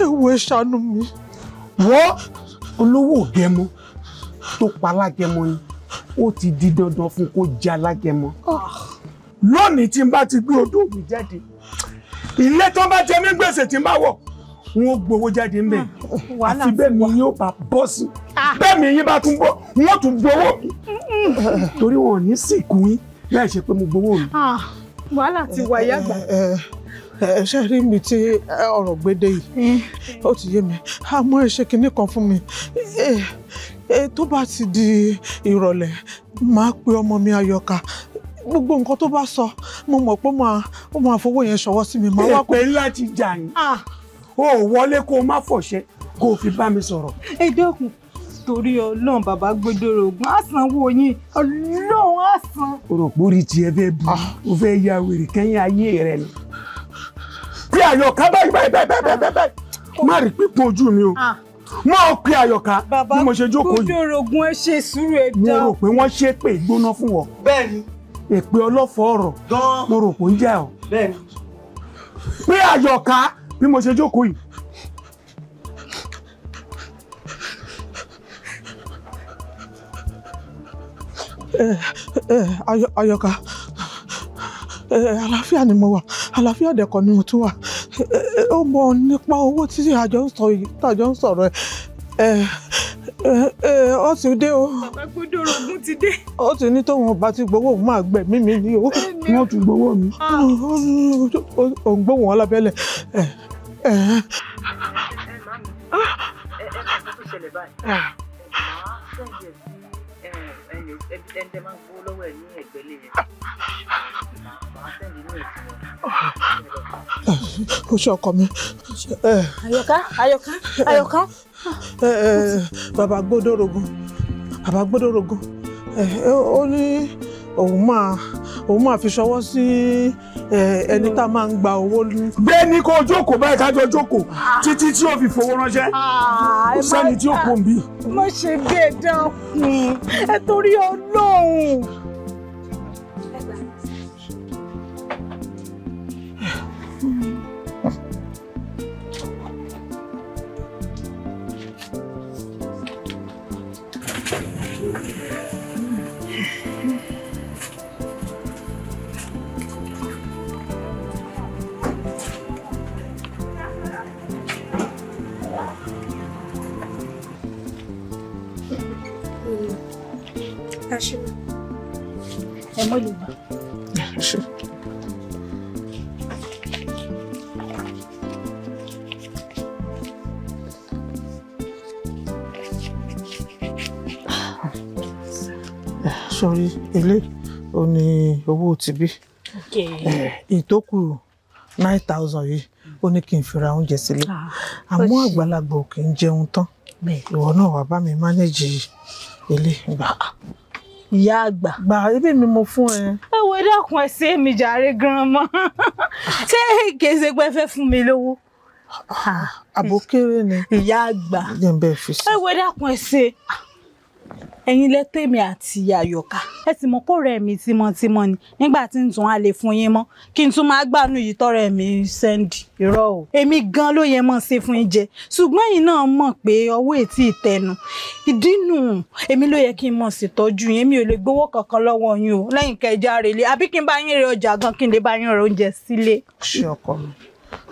Speaker 1: ewu ẹ mi. wọ́n olówó ògẹmọ tó pa alágẹmọ yẹn ó ti di dandan fún kó jẹ alágẹmọ lónìí tí n bá ti gbé odò mi jáde ilé tó bá jẹ mí gbèsè tí n bá wọ̀ wọn gbowó jáde ńbẹ hmm. àti bẹ́ẹ̀ mi yóò bá bọ́ sí ah. bẹ́ẹ̀ mi yín bá tún bọ́ wọn tún gbowó mi hmm. torí wọn ò ní sìnkú yín láì ṣe pé mo gbowó mi. Ah, wàhálà ti wà ìyá àgbà eh, eh, eh, ṣe rí mi tí ọ̀rọ̀ gbédè yìí hmm. ó ti yé mi àmọ́ ẹ ṣe kinní kan fún mi tó bá ti di ìrọ̀lẹ́ máa pe ọmọ mi ayọ̀ka gbogbo nǹkan tó bá sọ mo mọ̀ pé ó máa fowó yẹn ṣọwọ́ sí mi máa wá kó. jà yín. Ah o ò wọlé kó o má fọ̀ṣẹ́ kó o fi bá mi sọ̀rọ̀. ẹ dẹ́kun torí ọlọ́run bàbá gbódòrò ògùn àsanwó yín ọlọ́run àsan. òròpórí tiẹ̀ fẹ́ bu ó ah. fẹ́ ya wèrè kẹ́yìn ayé rẹ̀ ni. bí àyọ̀ká báyìí báyìí báyìí báyìí báyìí ah. má rí pípọ̀ ojú mi o ah. mo ò pe àyọ̀ká bí mo ṣe jókòó yìí. bàbá gbódòrò ògùn ẹ ṣe sùúrù ẹ dán. mo rò pé wọ́n ṣe pé gbóná fún wọn. bẹ́ẹ̀ni. èpè ọlọ́fọ̀ ọ̀rọ̀ mo rò pé ó ń jà ọ́. bẹ́ẹ̀ni. pé àyọ̀ká bí mo ṣe jókòó yìí. ayọ̀ká àlàáfíà ni mo wà àlàáfíà dẹ̀kọ̀ ni mo tún wà ó mọ nípa owó tí àjọ ń sọ yìí tàjọ ń sọ̀rọ̀ ẹ̀ ó ti dé o. bàbá gbọ́dọ̀ ogun ti dé. ó ti ní tóun ọba ti gbowó òun máa gbẹ̀mí mi ní o wọ́n ti gbowó mi. òun ah. gbóhùn ọlábẹ́lẹ̀ ẹ mami ẹ
Speaker 2: ẹ máa tó ṣẹlẹ̀ báyìí màá sẹ́yìn
Speaker 1: ẹ̀ sí ẹni ẹni tẹ́ máa ń gbó lọ́wọ́ ẹ̀ ní o ṣe ọkọ mi. àyọká àyọká àyọká. bàbá gbódòrógún bàbá gbódòrógún ó ní òun máa òun máa fi ṣọwọ́ sí ẹni tá a máa ń gba owó. bẹ́ẹ̀ ni kò jókòó báyìí kájọ jókòó títí tí ó fi fowó ránṣẹ́ ah, kò sẹ́ni tí ó kò ń bí. mo ṣe bí ẹ dákun ẹ torí Ọlọ́run. ẹ mọ́ lè gbà. sórí ilé ó ní owó tìbí ìtókù nine thousand yìí ó ní kí n fi ra oúnjẹ sílé ah, àmọ́ àgbàlagbà ò kì í jẹun tán ìwọ náà wàá bá mi mánéjì ilé gbà ìyá àgbà. gbà ibi mi mo fún ẹ. ẹ wo dákun ẹ ṣe mi jàre gan mọ ṣé kèsè pé fẹ́ fún mi lówó. àbókéré ni. ìyá àgbà. ẹ wo ẹ ṣe ẹ̀yin lẹ tèmi àti àyọ̀ká ẹ sì mọ̀ pé ọ̀rẹ́ mi tímọ́tímọ́ ni nígbà tí n tún á lè fún yín mọ́ kí n tún máa gbàánú yìí tọ́rẹ́ mi sẹ́ndì irọ́ o èmi gan ló yẹ mọ́ ṣe fún yín jẹ ṣùgbọ́n ẹ̀yin náà mọ̀ pé ọwọ́ ètí ìtẹnu ìdínú èmi ló yẹ kí n mọ̀ ṣètọ́jú yín mi ò lè gbowó kankan lọ́wọ́ yín o lẹ́yìn kẹjá rèlé àbí kí n bá yín rẹ ọjà gan kí n lè bá yín rẹ oúnjẹ sílé. ṣé ọkọ mi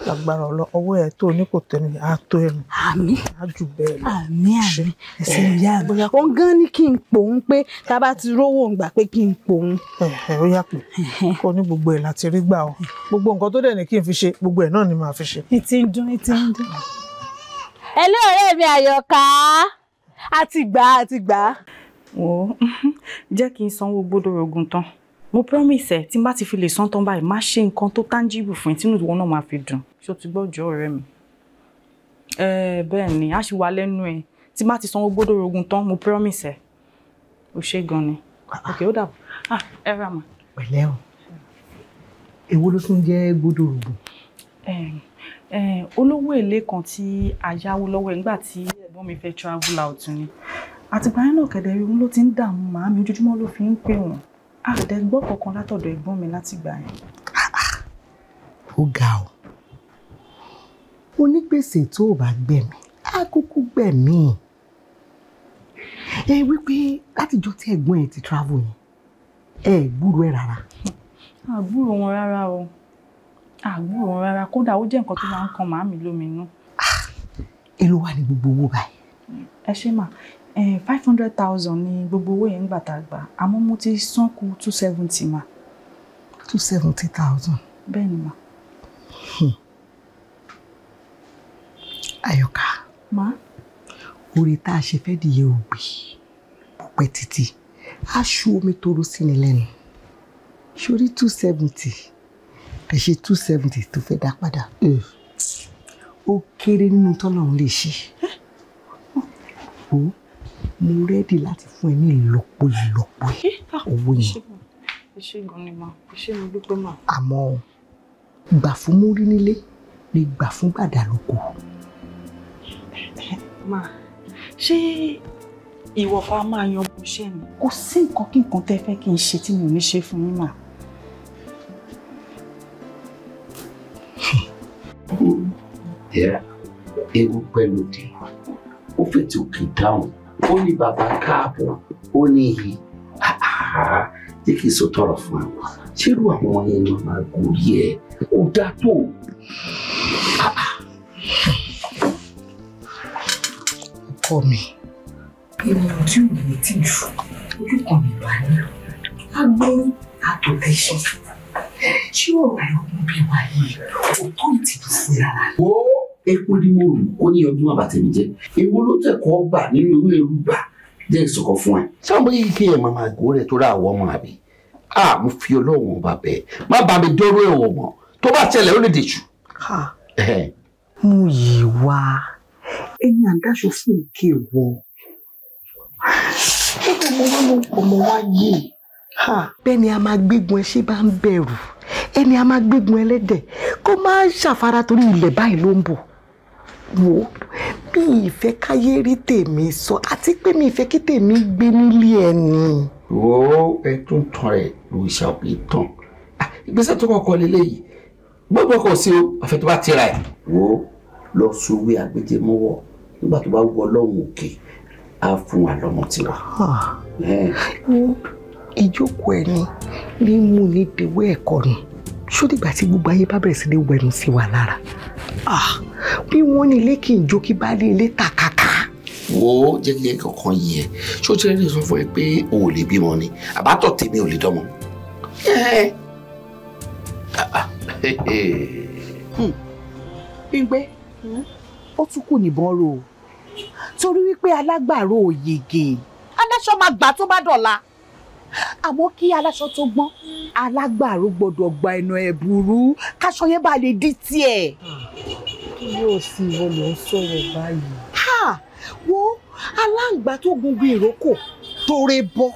Speaker 1: lágbára ọlọ ọwọ́ ẹ tó ní kò tẹnu á tó ẹnu àmín á jù lọ àmín àmín ẹsẹ ìyá mi òun gan ni kí n pòun pé tá a bá ti rówó ń gbà pé kí n pòun. ẹ ẹ ó yà pé kò ní gbogbo ẹ láti rí gbà ọ gbogbo nǹkan tó dẹ̀ ní kí n fi ṣe gbogbo ẹ náà ni màá fi ṣe. ní ń dún ní ń dún. ẹ ọ̀rẹ́ mi àyọ̀ká àti gbà àti gbà. wò jẹ́ kí n sanwó gbódò rogun tán mo promise ẹ tí n bá ti fi lè san tán báyìí má ṣe nǹkan tó tangible fún ẹ tínú ìwọ náà máa fi dùn ṣé o ti gbọ́ jọ ọ̀rẹ́ mi. ẹ bẹ́ẹ̀ ni a ṣì wà lẹ́nu ẹ tí n bá ti sanwó gbọ́dọ̀ rogun tán mo promise ẹ o ṣe gan ni òkè ó dàbọ̀ ah, ẹ rà mà. pẹ̀lẹ́ o èwo ló tún jẹ́ gbọ́dọ̀ rogun. olówó èlé kan tí a yáwó lọ́wọ́ ẹ̀ nígbà tí ẹ̀gbọ́n mi fẹ́ travel out ni àtìgbà yẹn náà kẹ̀dẹ̀ rí òun ló ti ń dààmú màámi ojoojúmọ́ ló fi ń pè wọ́n àdẹ gbọ́ kankan látọ̀dọ̀ ẹ̀gbọ́n mi látìgbà yẹn. ó ga ọ onígbèsè tó o bá gbẹ̀mí á kúkú gbẹ̀mí ẹ wípé látijọ́ tí ẹ̀gbọ́n ẹ ti travel yẹn ẹ gbúrò ẹ rárá. àgbúrò wọn rárá o àgbúrò wọn rárá kódà ó jẹ́ nǹkan tó máa ń kan màámi lóminú. èló wà ní gbogbo owó báyìí. ẹ ṣe mà five hundred thousand ni gbogbo owó yẹn gbà tá a gbà àmọ́ mo ti san kù two seventy ma. two seventy thousand. bẹ́ẹ̀ ni ma. Hmm. Ayọ̀ká. ma. orí tá a ṣe fẹ́ dìye ògbì pẹ́ títí a ṣú omi toro sí ni lẹ́nu sórí two seventy àṣe two seventy tó fẹ́ dá padà eh. ó kéré nínú tọ́lọ́run lè ṣe mo rẹ́dì láti fún ẹ ní ìlọ́po ìlọ́po owó yìí. ẹ ṣé gan ni màá ẹ ṣé mo dúpẹ́ màá. àmọ́ gbà fún múrí nílé lè gbà fún gbàdà lóko. màá ṣé ìwọ̀fà máa yan bó ṣe ni. kò sí nǹkan kí nǹkan tẹ́ fẹ́ kí n ṣe tí mi ò ní ṣe fún yín màá. ẹ ewu pẹ̀lú di ó fẹ́ tí o kì í dáhùn ó ní bàbá káàbọ̀ ó ní iyì jẹ́ kí n sọ tọrọ fún ẹ ṣérú àwọn yẹn ni màá gorí ẹ kó dá tó. ọkọ mi ènìyàn tí ò ní tí jù ojú kan mi bá ní agbóyún àtòtẹ́sẹ̀ ṣé ọ̀rọ̀ ẹ̀ ọmọ bí wàá yìí òótọ́ ìtìjú sí ara rẹ̀ epo ni mo rù kó ní ọdún àbàtẹ̀mí jẹ́ èwo ló tẹ̀kọ́ gbà nínú irú ẹrú gbà jẹ́ ìsọ̀kọ̀ fún ẹ. sáwọn yìí kí ẹ máa máa gbọ́ rẹ̀ tó ra àwọn ọmọ àbí a mo fi ọlọ́run ọba bẹ́ẹ̀ má bá mi dọ́rọ́ ẹ̀wọ̀ mọ́ tó bá tẹ̀lé ó lè dèjù. mo yì wá ẹyin àdáṣọ fún òkè wọ nígbà mo bá lọ ọmọ wa yìí bẹ́ẹ̀ ni a máa gbégun ẹ ṣé bá ń bẹ̀rù ẹni a máa gbégun ẹlẹ́dẹ̀ kó má ṣàfara torí ilẹ̀ báyìí ló ń bọ̀ wò mi ìfẹ́ káyé rí tèmi sọ àti pé mi ìfẹ́ kí tèmi gbé nílé ẹni. wo ẹ tún tán ẹ lòṣà òkè tán ìgbésẹ̀ tó kọ́kọ́ lélẹ́yìí gbogbo kò sí o àfẹ́ tó bá tira ẹ̀. wo lọ sùwé agbẹjẹmọwọ nígbà tó bá wọ Ọlọ́run òkè á fún wa lọ́mọ tiwa. ìjókòó ẹ ni ní mú ní dèwé ẹ̀kọ́ ni ṣó dìgbà tí gbogbo ayé bá bẹ̀rẹ̀ sí ní wẹnu sí wa lára. Ah bí wọ́n ní ilé kì í jó kí baálé ilé tàkàkà. wo jẹ́ kí nǹkan ṣó tí ẹni sọ fún ẹ pé o ò lè bímọ ni àbátọ̀ tèmi ò lè dọ́mọ. Ah, ah. hmm. gbígbé ó tún kù níbọn ro torí wípé alágbàro ò yege aláṣọ máa gbà tó bá dọ̀la àmọ́ kí aláṣọ tó gbọ́n alágbàro gbọ́dọ̀ gba ẹnu ẹ̀ burú káṣọ yẹn bá lè di tiẹ̀ yóò sì ìwọ ló ń sọ̀rọ̀ báyìí. wo aláǹgbá tó gungun ìrókò tóore bọ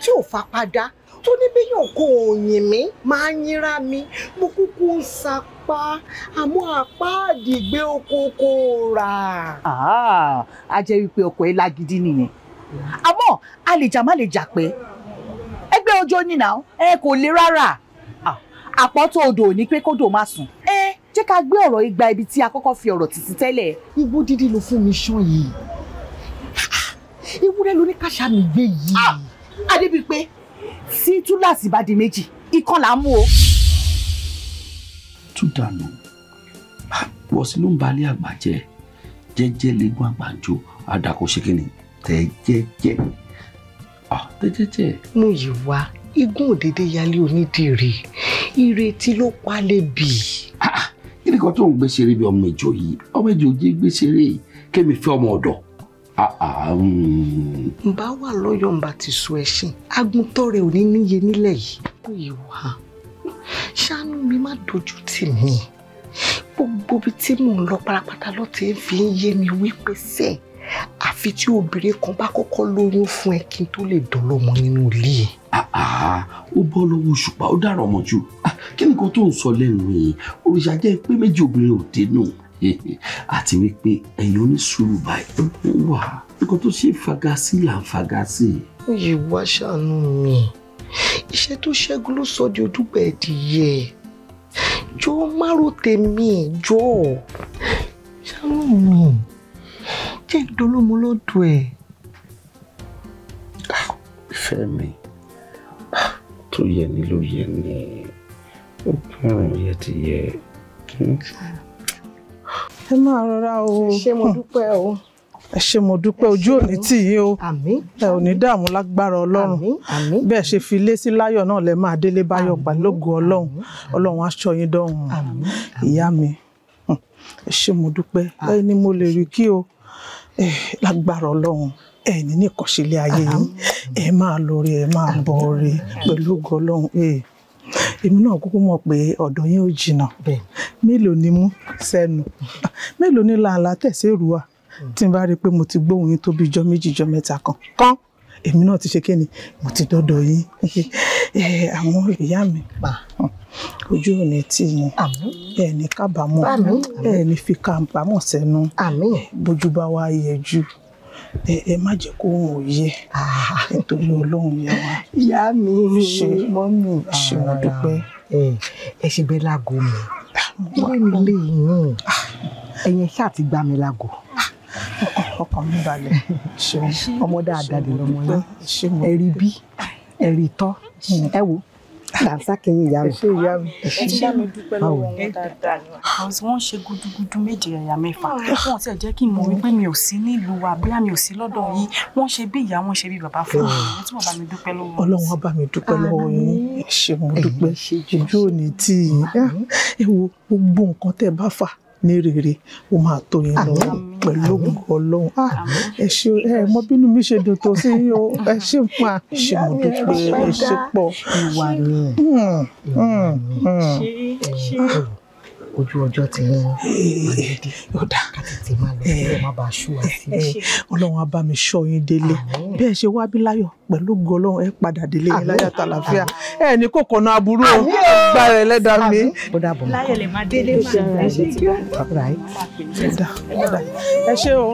Speaker 1: tí ò fapadà tó ní bíyàn kò yìn mí máa ń yínra mi mo kúkú ń sapá àmọ́ apá àdìgbé oko kò rà. a jẹ́ wípé ọkọ̀ ẹ lágídí nìyẹn àmọ́ a lè jà má lè jà pé ẹgbẹ́ ọjọ́ nínà ẹ kò le rárá àpọ́tò odò ò ní pé kódò má sùn jẹ́ ká gbé ọ̀rọ̀ igba ibi tí a kọ́kọ́ fi ọ̀rọ̀ títí tẹ́lẹ̀ igbó dídí ló fún mi ṣán yìí ewúrẹ́ ló ní káṣá mi gbé yìí. adébí ah! pé tí túláàsì bá di méjì ikán là á mú o. tún dànù wọ́sí ah, ló ń balẹ̀ àgbà jẹ́ jẹ́jẹ́ lẹ́gùn àgbàjọ àdàkọ ṣe kí ni tẹ́jẹ́jẹ́ ah, tẹ́jẹ́jẹ́. mo yìí wá igun òdèdè yálé onídìrí ìrètí ló palẹ̀ bì kí ni kan tó ń gbé ṣeré bí ọmọ ìjọ yìí ọmọ ìjọ yìí gbé ṣeré kémi fẹ́ ọmọ ọ̀dọ̀. Ah, ah, hmm. ǹbá wà lọ́yọ̀ ǹbá ti sọ ẹṣin aguntọ́ rẹ̀ ò ní níye nílẹ̀ yìí kò yìí wá ṣàánú mi má dojú tì mí gbogbo ibi tí mò ń lọ parapata ló ti ń fi yé mi wípé sẹ́ẹ̀ àfi tí obìnrin kan bá kọ́kọ́ lóyún fún ẹ kí n tó lè dán lọ́mọ nínú ilé yìí ó bọ́ lọ́wọ́ òṣùpá ó dára ọmọ jù ah, kí nìkan tó ń sọ lẹ́nu yìí òrìṣà jẹ́ pé méjì obìnrin ò dénú àti wípé ẹ̀yin onísùúrù báyìí wà nǹkan tó ṣe fagasi là ń fagasi. oyè wá ṣàánú mi iṣẹ́ tó ṣẹ́gun ló sọ di ojúbẹ̀ ẹ̀dìyẹ jọ márùn tèmi jọ ṣàánú mi jẹ́ ìdólómọlọ́dọ̀ ẹ̀. Ah, ìfẹ́ mi tó yẹ ni ló yẹ ni ó kúrùn yẹ ti yẹ. Hmm? ẹ máa rọra o ṣé mo dúpẹ́ o ẹ ṣé mo dúpẹ́ ojú òní tì yín o ẹ ò ní dààmú lágbára ọlọ́run bẹ́ẹ̀ ṣe fi ilé sí láyọ̀ náà lẹ máa délé báyọ̀ pàlógo ọlọ́run ọlọ́run aṣọ yín dọ̀hún ìyá mi hmm, ẹ ṣé mo dúpẹ́ ẹ ní mo lè rí kí o eh, lágbára ọlọ́run ẹ ní ní ìkọ̀sílẹ̀ ayé yín ẹ máa lórí ẹ máa bọ̀ rí pẹ̀lú gọlọ́hún èmi náà kúkú mọ̀ pé ọ̀dọ̀ yín ò jìnnà mélòó ni mú sẹ́nu mélòó ni làálàá tẹ̀sí ìrùwà tí n bá rí i pé mo ti gbóhùn yín tó bí ijọ́ méjì ijọ́ mẹ́ta kan kán èmi náà ti ṣe kí ni mo ti dọ́dọ̀ yín àwọn ìyá mi ojú ò ní tì ẹ ní kábàámọ̀ ẹ ní fi kábàámọ̀ sẹ́nu bójú bá wá yẹjú ẹ má jẹ́ kó òun òye ah. nítorí ọlọ́run yẹn wá. ìyá mi mọ́mì ṣe wọ́n ah. dúpẹ́. ẹ ṣe bẹ́ẹ̀ láago mi kí ló ní ilé yìí náà ẹ̀yìn ṣáà ti gbá mi láago ah. ọkàn mi balẹ̀ ọmọ dáadáa dè lọmọ yẹn ẹ rí bí ẹ rí tọ́ ẹ wò dàmsákì yín ìyá mi. ẹ ṣe ìyá mi. ẹ ṣe mi dúpẹ́ lọ́wọ́ wọn dáadáa ni. àwọn ah, wọ́n ṣe gudugudu méje ẹ̀yà mẹ́fà wọ́n ti jẹ́ kí n mọ̀ wípé mi ò sí nílùú wa bí àmì ò sí lọ́dọ̀ yìí wọ́n ṣe bí ìyá wọn ṣe bí bàbá fún mi tí wọ́n bá mi dúpẹ́ lọ́wọ́. ọlọ́run á mi dúpẹ́ lọ́wọ́ yín ẹ ṣe mo dúpẹ́ ojú òní tí ah, ẹ wo gbogbo nǹkan tẹ́ bá fà ní rere ó máa tó yín lọ pẹ̀lú ọlọ́run ah, ẹ ṣe ẹ mọ bínú mi ṣe dùn tó sí yín o ẹ ṣe pa ṣe mo dúpẹ́ ẹ ṣe pọ̀. ìwà ṣe hmm, hmm, hmm. ṣe ojú ọjọ́ ti ń eh, mọ̀lẹ́dẹ́ eh, eh, ká tètè máa lọ sí ọmọ bá ṣú wa sí. ọlọ́run á bá mi ṣọ́ yín délé bẹ́ẹ̀ ṣe wá bí láyọ̀ pẹ̀lú gọlọ́run ẹ padà délé yín láyọ̀ tàlàfíà ẹ ní kò kọ̀nà aburú o gba rẹ̀ lẹ́dà mi. láyọ̀ lè má délé máa ẹ ṣe ẹ ṣe o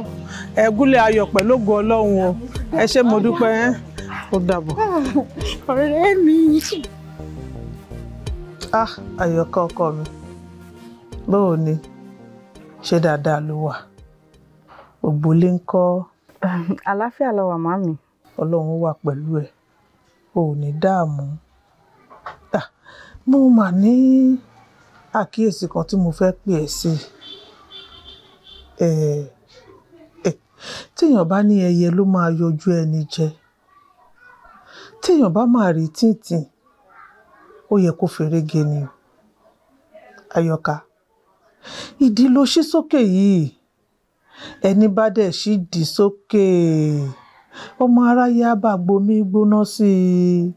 Speaker 1: ẹ ayọ̀ pẹ̀lú gọlọ́run o ẹ ṣe mo dúpẹ́ ó dàbọ̀. Ah, ọ̀rẹ́ mi. ah àyọ̀ká ọkọ mi báwo ni ṣé dáadáa ló wà gbogbo ilé ń kọ́. Ehm, àlàáfíà la wà màmí. ọlọ́run wà pẹ̀lú ẹ̀ o ò ní dààmú. mo mà ní àkíyèsí kan tí mo fẹ́ pè ẹ́ sí ehm, eh, téèyàn bá ní ẹyẹ ló máa yọjú ẹni jẹ téèyàn bá máa rí tìǹtìǹ ó yẹ kó feré ge ni o ìdí ló sì sókè yìí ẹni bá dẹ̀ sì dì sókè ọmọ aráyé á bá gbomi gbóná sí i.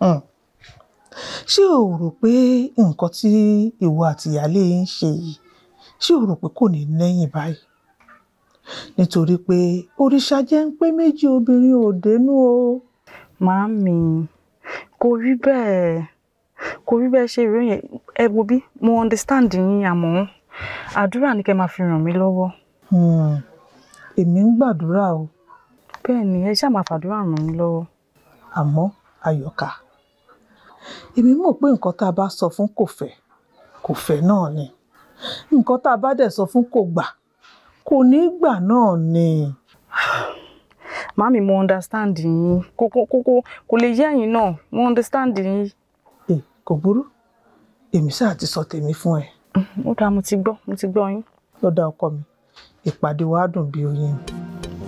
Speaker 1: Hmm. ṣé o rò pé nǹkan tí ìwọ àtìyálé ń ṣe yìí ṣé o rò pé kò ní lẹ́yìn báyìí nítorí pé òrìṣà jẹ́ ń pé méjì obìnrin ò dénú o. màámi kò rí bẹ́ẹ̀ kò rí bẹ́ẹ̀ ṣe ròyìn ẹ wo bí mo understand yín àmọ́ àdúrà ni kẹ́ máa fi ràn mí lọ́wọ́. Hmm. èmi ń gbàdúrà o. bẹ́ẹ̀ ni ẹ ṣáà máa fàdúrà ràn mí lọ́wọ́. àmọ́ àyọ̀ká èmi mọ̀ pé nǹkan tá a bá sọ fún kò fẹ́ kò fẹ́ náà ni nǹkan tá a bá dẹ̀ sọ fún kò gbà kò ní gbà náà ni. màámi mo understand yín kò kò kò kò lè yé ẹ̀yin náà mo understand yín kò burú èmi ṣáà ti sọ tèmi fún ẹ. ó dáa mo ti gbọ́ mo ti gbọ́ yín. ló dá ọkọ mi ìpàdé wa dùn bí oyin.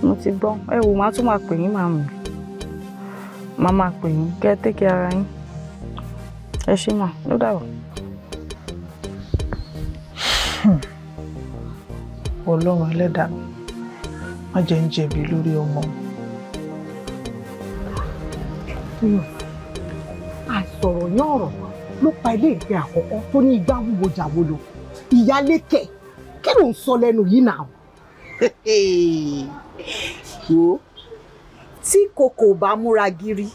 Speaker 1: mo ti gbọ́ ẹ wò má tún máa pè yín màmú má máa pè yín kẹ́ ẹ tẹ́kẹ́ ara yín ẹ ṣe mà ló dà ọlọ́run ẹlẹ́dàá mi má jẹ́ ń jẹ̀bi lórí ọmọ mi. àìsọ̀rọ̀ yán ọ̀rọ̀ ló pa ilé ìgbẹ́ àkọ́kọ́ tó ní igbá wúwo jàwo lọ ìyálé kẹ̀ kí ló ń sọ lẹ́nu yìí náà. wo tí kòkò bá múra gírí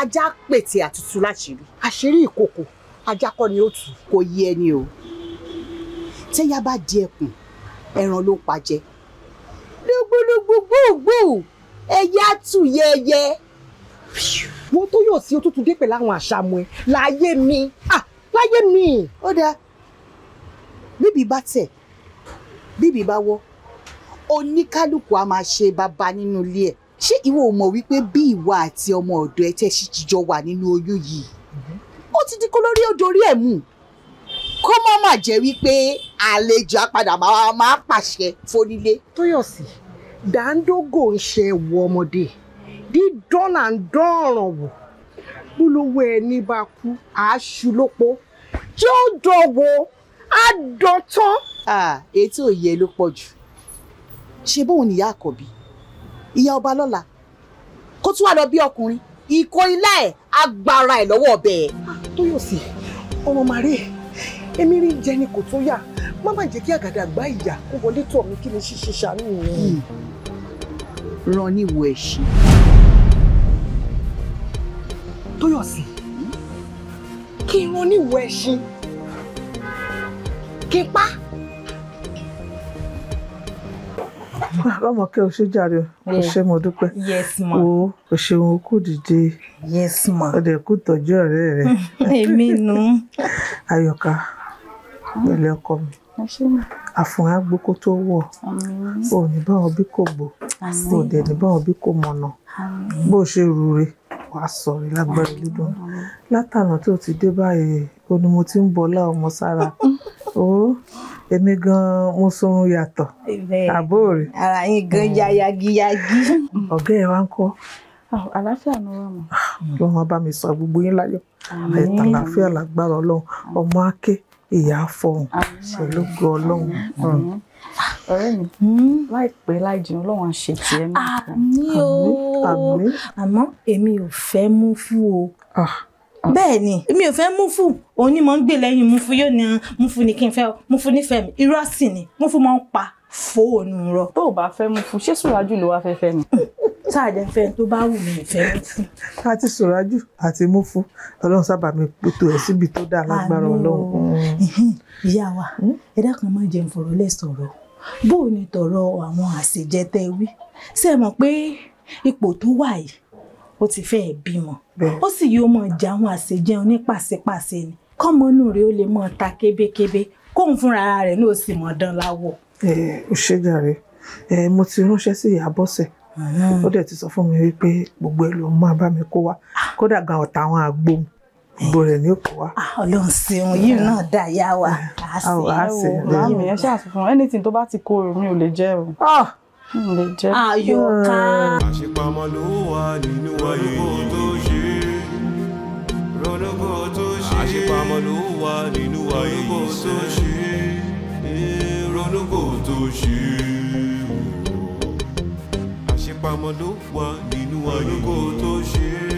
Speaker 1: ajá pètè àtútù láṣìírí. àṣírí ìkòkò ajá kọ́ ni ó tù kò yí ẹni o tẹ́yà bá di ẹkùn ẹran ló ń pa jẹ lógbólógbó gbòògbò ẹyẹ á tù yẹyẹ wọ́n tó yọ̀ sí òtútù dé pẹ̀lú àwọn àṣàmù ẹ̀ láyé mi ah láyé mi. ó dáa bíbí bá tẹ̀ bíbí bá wọ́ oníkálukú a máa ṣe bàbá nínú ilé ẹ̀ ṣé ìwọ ò mọ̀ wípé bí ìwà àti ọmọ ọ̀dọ̀ ẹ tẹ́ sì ti wà nínú oyún yìí ó ti di kó lórí odò orí ẹ̀ mú kó má má jẹ́ wípé àlejò apadà máa pàṣẹ fónílé. Tóyọ̀sí dàńdógò ń ṣe ẹ̀wọ̀ ọmọdé dídán là ń dán ọ̀ràn wò búlówó ẹni bá kú àáṣu lópo tí ó dán wò á dán tán. ètò òye ló pọ̀ jù ṣe bóun ni ìyá àkọ́bí ìyá ọba lọ́la kó tún wà lọ bí ọkùnrin ìkó ilá ẹ̀ agbára ẹ̀ lọ́wọ́ ọbẹ̀ ẹ̀. Ah, tóyọ̀sí ọmọ màrí èmi rí jẹ ni kò tó yà má má jẹ́ kí àgàdà gbá ìyà kó wọlé tọ̀ mí kí ni ṣíṣe ṣàánú mi. Hmm. ràn níwò ẹ̀ṣin. Tóyọ̀sí kí irun oníwọ̀ ẹṣin kí pa. Lọ́mọkẹ́ o ṣe jàre o ṣe mo dúpẹ́. Yes ma. O o ṣeun kú dìde. Yes ma. O dẹ̀ kú tọ́jú ọ̀rẹ́ rẹ̀. Èmi nù. Ayọ̀ká ilé ọkọ mi àfùnrà gboko tó wọ̀ ò ní báwọn bí kò gbò ò dẹ̀ ní báwọn bí kò mọ̀nà bó ṣe rúre wàá sọ̀rọ̀ lágbára Elédùà látànà tó ti dé báyìí ó ní mo ti ń bọ́lá ọmọ sára ó èmi gan mo sunrun yàtọ̀ àbó rè. ara yín gan ya hmm. yagiyagi. ọ̀gá ẹ̀ wá ń kọ́. Ah, àlàáfíà ni wọ́n mọ̀. Ah, kí wọ́n bá mi sọ gbogbo yín láyọ̀ àìtàn àlàáfíà lágbára ọlọ́run ọmọ ake ìyá fọhùn ṣèlú gan ọlọ́run ọ̀rẹ́ mi hmm? láìpẹ́ láì jìn Ọlọ́run á ṣe tiẹ̀ ah, náà. àmì o àmọ́ èmi ò fẹ́ mú fún o ah. bẹ́ẹ̀ ni èmi ò fẹ́ múfù òun ni mo ń gbè lẹ́yìn múfù yóò ní múfù ni kí n fẹ́ múfù nífẹ̀ẹ́ mi irọ́ sì ni múfù máa ń pa fóònù rọ. tó o bá fẹ́ múfù ṣé sùrájú ló wá fẹ́ fẹ́ mi. sáàjẹ́ fẹ́ tó bá wù mí fẹ́ múfù. àti sùrájú àti múfù ọlọ́run sábà mi tó ẹ̀ síbi tó dáa lágbára ọlọ́run. ìyá wa hmm? ẹ dákun máa jẹun fọ̀rọ̀ lẹ́sọ̀rọ̀ bó o ní tọ̀rọ̀ àwọn àṣejẹ tẹ wí ṣe mọ̀ pé ipò tó wà yìí ó ti fẹ́ẹ́ bímọ ó sì yóò mọ̀ jẹ́ àwọn àṣejẹ onípàṣípàṣẹ ni kọ́mọnú rẹ̀ ó lè mọ̀ ta kébékébé kóun fúnra rẹ̀ ní òsì mọ̀dán láwọ̀. ẹ ò ṣe jàre mo ti ránṣẹ́ sí ìyábọ̀sẹ̀ ó dẹ̀ ti sọ fún mi wípé gbogbo ẹ ló máa bá mi kó wá ah. kódà gan ọ̀tá àwọn àgbo mi gbogbo rẹ̀ ní òkú wa. Ah, ọlọ́run ṣeun yìí náà dá ìyá wa a ṣe é o màmí ẹ ṣáà anything tó bá ti kó o mi ò lè jẹ o. n ah! lè jẹ. àyọkà.
Speaker 2: àṣepamọ́ ló wà nínú ayé yìí tó ṣe ronúkọ tó ṣe àṣepamọ́ ló wà nínú ayé yìí tó ṣe ronúkọ tó ṣe àṣepamọ́ ló wà nínú ayé yìí tó ṣe.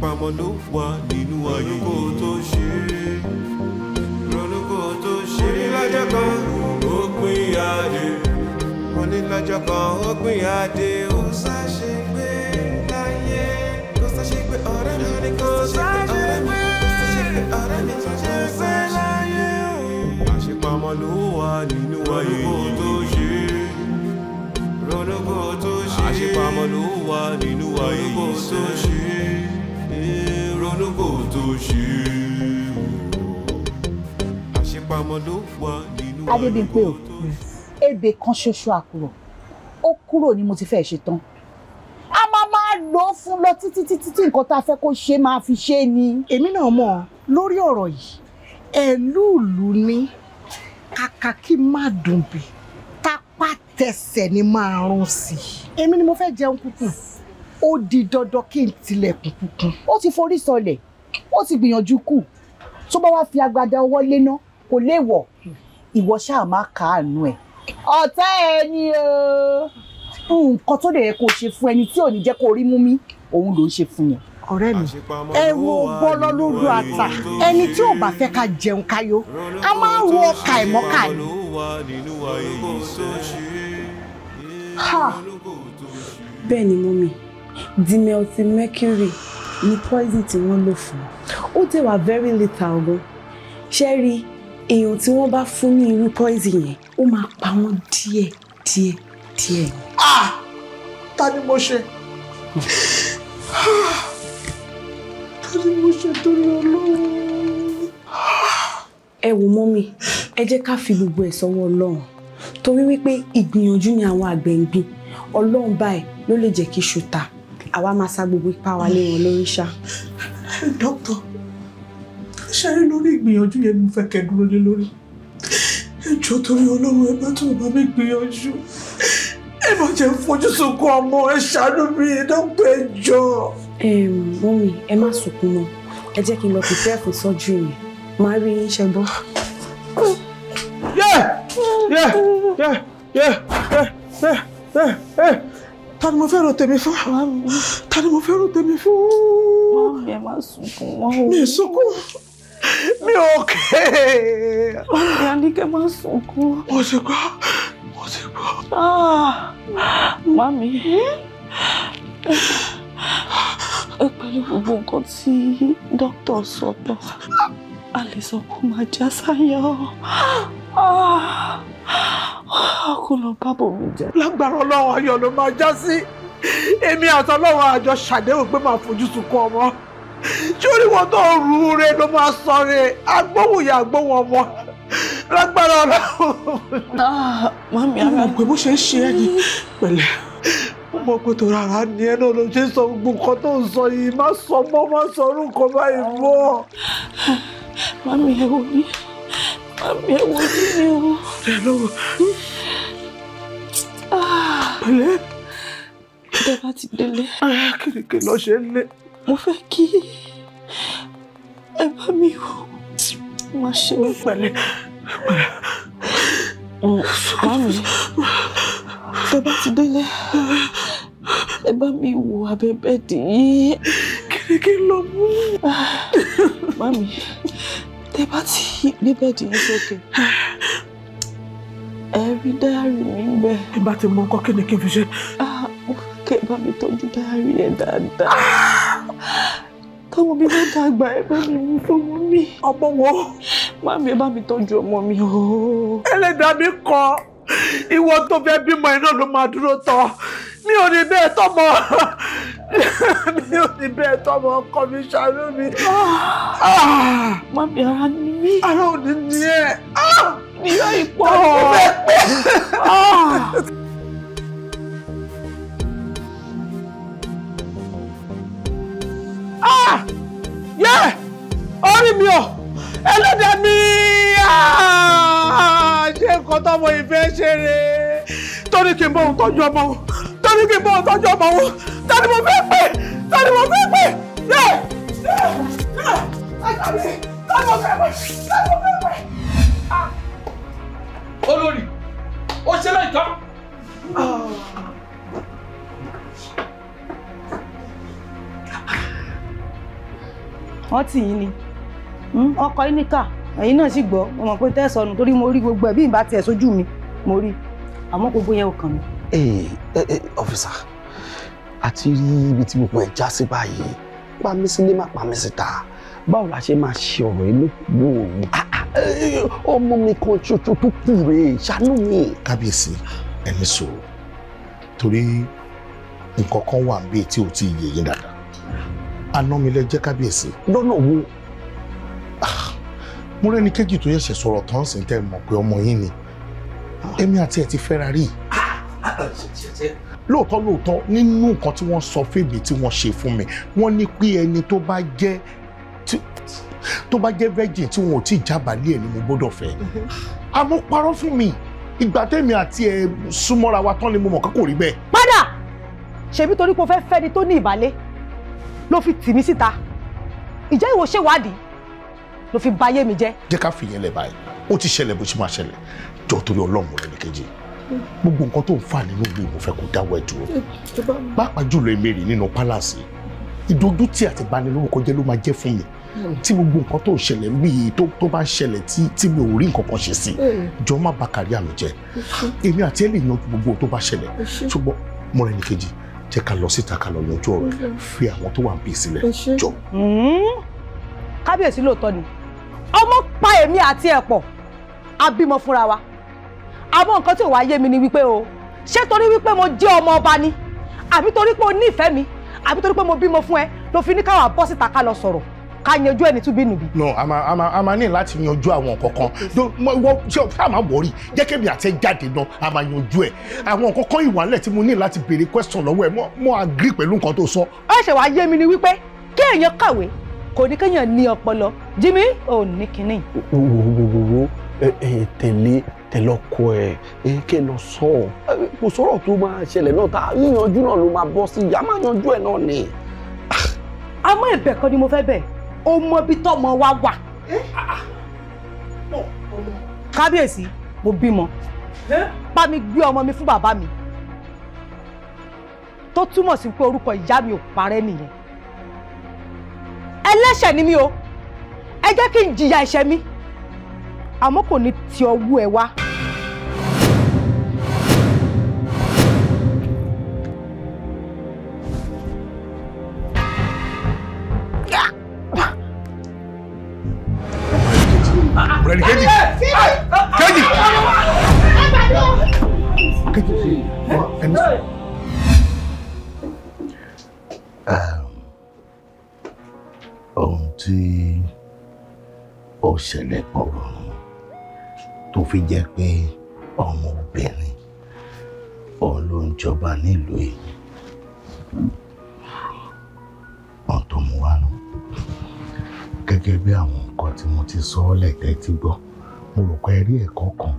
Speaker 2: pamọ́ ló wà nínú ayé yìí. ronú kó tó ṣe é ronú kó tó ṣe é. onílájà kan ó pín adé. onílájà kan ó pín adé. ó ṣàṣe pé láyé kó ṣàṣe pé ọ̀rẹ́ mi ni kó ṣàṣe pé ọ̀rẹ́ mi kó ṣàṣe pé láyé. àṣepamọ́ ló wà nínú ayé yìí. ronú kó tó ṣe é ronú kó tó ṣe é. àṣepamọ́ ló wà nínú ayé yìí. ronú kó tó ṣe é ronú kò tó ṣe àṣepamọ́ ló wà nínú
Speaker 1: Adébímpé o ebè kan ṣoṣo àkùrọ̀ ó kúrò ni mo ti fẹ́ ṣe tán a máa máa lò ó fún lọ títí títí tí nǹkan tá a fẹ́ kó ṣe máa fi ṣe ni. èmi náà mọ̀ lórí ọ̀rọ̀ yìí ẹlúùlù ni kàkà kí má dùn bì tápá tẹsẹ̀ ni máa rún sí i èmi ni mo fẹ́ jẹun kúkú ó di dandan kí n tilẹ̀kùn kùkùn ó ti forí sọlẹ̀ ó ti gbìyànjú kù tó bá wá fi agbada ọwọ́ léná kò léèwọ̀ ìwọ ṣáà má káàánú ẹ̀ ọ̀tá ẹni o nǹkan tó dẹ̀ yẹ ṣe fún ẹni tí ò ní jẹ́ kó rí mú mi òun ló ń ṣe fún yẹn ọ̀rẹ́ mi ẹ wo bọ́lọ́ lójú ata ẹni tí ò bá fẹ́ ká jẹun káyó a máa ń wo ọkà ìmọ́kà ni. bẹ́ẹ̀ ni mú mi dimethyl-mercury ni poison tí wọ́n lò fún ó dẹ̀ wà very lethal gan ṣe rí èèyàn tí wọ́n bá fún ní irú poison yẹn ó máa pa wọ́n díẹ̀ díẹ̀ díẹ̀. ah ta ni mo ṣe ah! ta ni mo ṣe torí ọlọ́run. ẹ wo mọ́mì ẹ jẹ́ ká fi gbogbo ẹ̀ sọ́wọ́ ọlọ́run torí wípé ìgbìyànjú ni àwọn àgbẹ̀ ń gbìn ọlọ́run báyìí ló lè jẹ́ kí ṣùtà àwa máa sa gbogbo ipá wa lé wọn lórí ṣá. dókítà ṣe é lórí ìgbìyànjú yẹn mo fẹ́ kẹ́ dúró lé lórí ẹjọ́ torí ọlọ́run ẹ bá tó bá mi gbìyànjú ẹ má jẹ́ fojú sunkún ọmọ ẹ ṣàánú mi dókítà ẹ jọ. mọ́mí ẹ má sunkún mọ́ ẹ jẹ́ kí n lọ pèsè ẹ̀fọ́ sọ́jú yẹn máa rí yín ṣe gbọ́. Yeah! Yeah! Yeah! Yeah! Yeah! Yeah! Yeah! ta ni mo fẹ́ rò tèmi fún ta ni mo fẹ́ rò tèmi fún. mọ́mí ẹ má sunkún mọ́ o. mi sunkún mi ò ké. mọ́mí Àníkẹ́ má sunkún. mo ti gbọ́ mo ti gbọ́. Ah, mọ́mí ẹ pẹ̀lú gbogbo nǹkan tí dókítà sọ tán a lè sọ kó máa já sáyà kó lọ bá bòmí jẹ. lágbára ọlọ́run ayọ̀ ló máa já sí èmi àti ọlọ́run àjọ ṣàdéhùn pé máa fojú sunkún ọmọ sórí wọn tó rú re ló máa sọ re agbóhùnyà agbóhùn ọmọ lágbára ọlọ́run. Ah, mami ara mo mọ̀ pé bó ṣe ń ṣe ẹ́ yìí pẹ̀lẹ́ mo mọ̀ pé tòun ara ni ẹ náà ló ṣe ń sọ gbogbo nǹkan tó ń sọ yìí má sọ mọ́ má sọ orúkọ báyìí mọ́. mami ẹ wò ni àmì ẹ̀wọ̀n sí mi o. ọ̀rẹ́ lọ́wọ́. pẹ̀lẹ́. ìjọba ti délé. kìrìkìrì lọ ṣe ń lé. mo fẹ́ kí ẹ bá mi wò má ṣe mí pẹ̀lẹ́. Mami, tẹ bá ti délé, ẹ bá mi wò abẹ́bẹ́dì yìí. Kìrìkìrì lọ mú. Mami. Ah, tẹ́ bá ti gbé bẹ́ẹ̀dì yín sókè ẹ rí dáárì mi ń bẹ. ẹ bá ti mọ nǹkan kí ni kí n fi ṣe. Ah, kẹ bá mi tọ́jú dáárì ẹ dáadáa tọmọ mi ló dàgbà ẹ bá mi mú fọmọ mi. ọmọ wo. má mi bá mi tọ́jú ọmọ mi o. ẹlẹ́dàá mi kọ ìwọ tó fẹ́ bímọ iná ló máa dúró tán mi ò ní bẹ́ẹ̀ tọ́mọ mi ò ní bẹ́ẹ̀ tọmọ ọkọ mi ṣàánú mi. mami ara ni mí. ara ò ní ní ẹ. ní ọ ìpọ. ọmọ bẹ́ẹ̀ pẹ́. yẹ orí mi ò ẹlẹ́dàá mi ah! ṣe nǹkan tọmọ ìfẹ́ ṣe rèé torí kí n bọ́ òun tọ́jú ọmọ wọn torí kí n bọ́ òun tọ́jú ọmọ wọn tani mo fẹ́ pè tani mo fẹ́ pè yẹ yẹ yẹ ajá mi tani mo fẹ́ pè
Speaker 2: tani mo fẹ́ pè. Ah!
Speaker 1: olórí ó ṣe láìka. wọ́n tì yín ni hmm? ọkọ̀ yín níkà ẹ̀yin náà sì gbọ́ ọmọ pé tẹ́ sọnù torí mo rí gbogbo ẹ̀ bí n tiẹ̀ sójú mi mo rí i àmọ́ gbogbo yẹn ò kàn mí. ee eh, eh, ọfíìsà eh, a ti rí ibi tí gbogbo ẹ̀ já sí báyìí pa mí sílé má pa mí síta báwo la ṣe máa ṣe ọ̀rọ̀ yìí lókùnrin ọmọ ah, ah, mi kan ṣoṣo tó kù rèé ṣàánú mi. kábíyèsí ẹni sọ̀rọ̀ torí nǹkan kan wà níbi tí ò ti yé yín dáadáa aná mi lẹ kábíyèsí. lọ́nà wo. Ah, mo rẹ́ni kejì tó yẹ̀ṣẹ̀ sọ̀rọ̀ tán sí tẹ́ mọ̀ pé ọmọ yín ni èmi àti ẹ̀ ti fẹ́ra rí lóòótọ́ lóòótọ́ nínú nǹkan tí wọ́n sọ fèmí tí wọ́n ṣe fún mi wọ́n ní pé ẹni tó bá jẹ́ tó bá jẹ́ virgin tí wọn ò tí ì jábàálẹ̀ ẹ̀ ni mo gbọ́dọ̀ fẹ́ àmọ́ parọ́ fún mi ìgbà tẹ̀mí àti ẹ̀ súnmọ́ra wa tán ni mo mọ̀ kó kò rí bẹ́ẹ̀. padà ṣèbí torí pé o fẹ́ẹ́ fẹ́ni tó ní ìbálẹ̀ ló fi tì mí síta ìjẹ́ ìwò ṣèwádìí ló fi bayé mi jẹ́. jẹ́ ká fìyẹn lẹ̀ báyìí ó ti ṣẹlẹ̀ bó ṣe máa ṣẹlẹ̀ jọ torí ọlọ́run rẹ nìkejì gbogbo nǹkan tó ń fà nínú ìlú mo fẹ́ kó dáwọ́ ẹ̀ dúró pàápàá jùlọ èmèrè nínú pálásì ìdójútì àti ìbanilórúkọ jẹ́ ló máa jẹ́ fún mi tí gbogbo nǹkan tó ń ṣẹlẹ̀ mí tó bá ń ṣẹlẹ̀ tí mi ò rí nǹkan kan ṣe sí jọ má bà kárí àmì jẹ́ èmi àti ẹ̀ lè yanjú gbogbo tó bá ṣẹlẹ̀ ṣùgbọ́n mo rẹ̀ nìkejì jẹ́ ká lọ síta ká lọ yanjú ọ̀rọ̀ fi àwọn tó wà ń bí sílẹ̀ jọ. Hmm? kábíyèsí lóòótọ́ ni ọmọ pa èmi àti ẹ̀ pọ̀ a fúnra wa àmọ́ nǹkan tí ò wá yé mi ni wípé o ṣé torí wípé mo jẹ́ ọmọ ọba ni àbí torí pé o nífẹ̀ẹ́ mi àbí torí pé mo bímọ fún ẹ ló fi ní káwa bọ́ síta ká lọ sọ̀rọ̀ ká yanjú ẹni tún bínú bí. no a máa a máa a máa ní láti yanjú àwọn kankan wọ́n ṣé a máa wọ̀rí jẹ́ kébì àtẹ jáde náà a máa yanjú ẹ̀ àwọn kankan ìwàlẹ̀ tí mo ní láti béèrè question lọ́wọ́ ẹ̀ mo agree pẹ̀lú nǹkan tó sọ. ó ṣe wàá yé mi ni wípé kí èèyàn kàwé kò ní kéèyàn ní ọpọlọ Jimmy ò ní kínní. wo wo wo tẹ̀lé tẹlọkọ ẹ ẹ kẹ lọ sọ ọ kò sọ̀rọ̀ tó máa ṣẹlẹ̀ náà tá yíyanjú náà ló máa bọ́ sí ìyá máa yanjú ẹ náà ni. Ah, àmọ́ ẹ̀bẹ̀ kan ni mo fẹ́ bẹ̀ o mọ ibi tọ́mọ wa wà. Ah, ah. kábíyèsí mo bímọ bá mi gbé ọmọ mi fún bàbá mi tó túmọ̀ sí pé orúkọ ìyá mi ò parẹ́ nìyẹn ẹlẹ́ṣẹ̀ ni mi o ẹ jẹ́ kí n jìyà ẹ̀ṣẹ̀ mi àmọ́ kò ní ti ọwọ́ ẹ wá. ọ̀rẹ́ni kejì kejì ohun tí ó ṣẹlẹ̀ pọ̀ gan tó fi jẹ́ pé ọmọbìnrin òun ló ń jọba nílùú yìí wọn tó mú wa nù gẹ́gẹ́ bí àwọn nǹkan tí mo ti sọ ọ́ lẹ́tẹ̀ ti gbọ́ mo rò pé rí ẹ̀kọ́ kan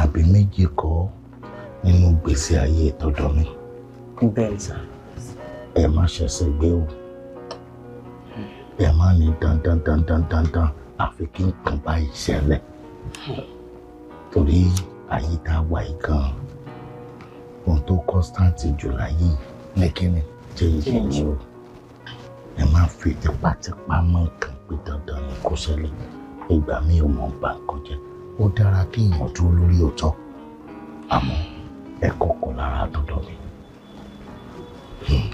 Speaker 1: àbí méjì kọ́ nínú gbèsè ayé tọ̀dọ̀ mi. bẹ́ẹ̀ sà. ẹ má ṣẹ̀ṣẹ̀ gbé o ẹ má ní dandan dandan dandan àfi kí n kàn bá ìṣẹ̀lẹ̀ torí ayé tá a wà yìí gan ohun tó constant jù láyé mẹkẹni change o ẹ má fi tipátipá mọ́ nǹkan pé dandan ni kó ṣẹlẹ̀ ìgbà mi ò mọ̀ bá nǹkan jẹ́ ó dára kí èèyàn dúró lórí òótọ́ àmọ́ ẹ kọ́kọ́ lára dandan mi hmm.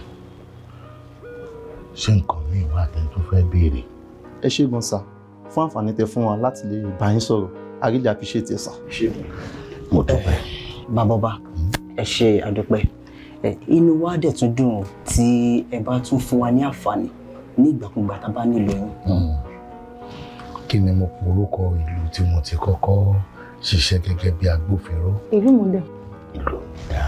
Speaker 1: ṣé nǹkan mi wà tó fẹ́ béèrè. ẹ ṣe gan sa fún àǹfààní tẹ́ fún wa láti lè bá yín sọ̀rọ̀ I really appreciate you, sir. Ṣé mo dúpẹ́. Eh, Bàbá ọba, ẹ ṣé àdúpẹ́. Eh, inú wa de tún dùn ti ẹ bá tún fún wa ní àǹfààní ní ìgbàkúgbà tá a bá nílò yín. Hmm. Kí ni mo porúkọ ìlú tí mo ti kọ́kọ́ ṣiṣẹ́ gẹ́gẹ́ bí agbófinró? Ìlú Mọ̀dà. Ìlú Mọ̀dà.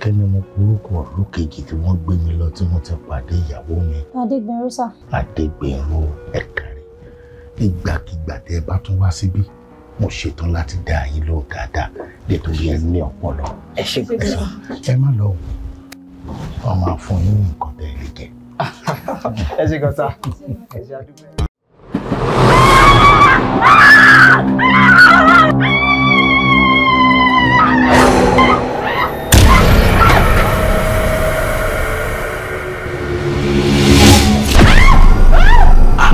Speaker 1: Kí ni mo porúkọ ìlú kejì tí wọ́n gbé mi lọ tí mo ti pàdé ìyàwó mi? Adégbènrú sà. Adégbènrú ẹ̀ka ìgbàkigbà tẹ́ ẹ bá tún wá síbí mo ṣetán láti dá yín lóhùn dáadáa nítorí ẹ ní ọpọlọ. ẹ ṣe pé bẹ́ẹ̀. ẹ má lọ o wọn máa fún yín nǹkan tẹ́ ẹ lè jẹ. ẹ ṣe kọta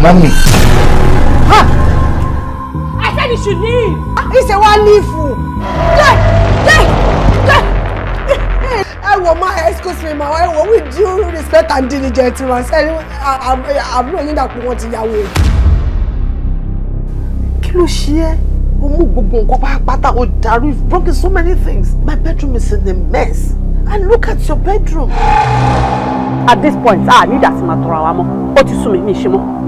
Speaker 1: Mami. I said you should leave. Ah, he said wá leave. Hey, hey, hey. I want my excuse me my wife. wò with due respect and diligence ma ṣe àbúrò yín dàpọ̀ wọn ti yàwó. Kí way. ṣe é? Mo mú gbogbo o dàrú you've broken so many things. My bedroom is in a mess and look at your bedroom. At this point, I need ìdásí to tọrọ àwa mọ́, ó ti sún mi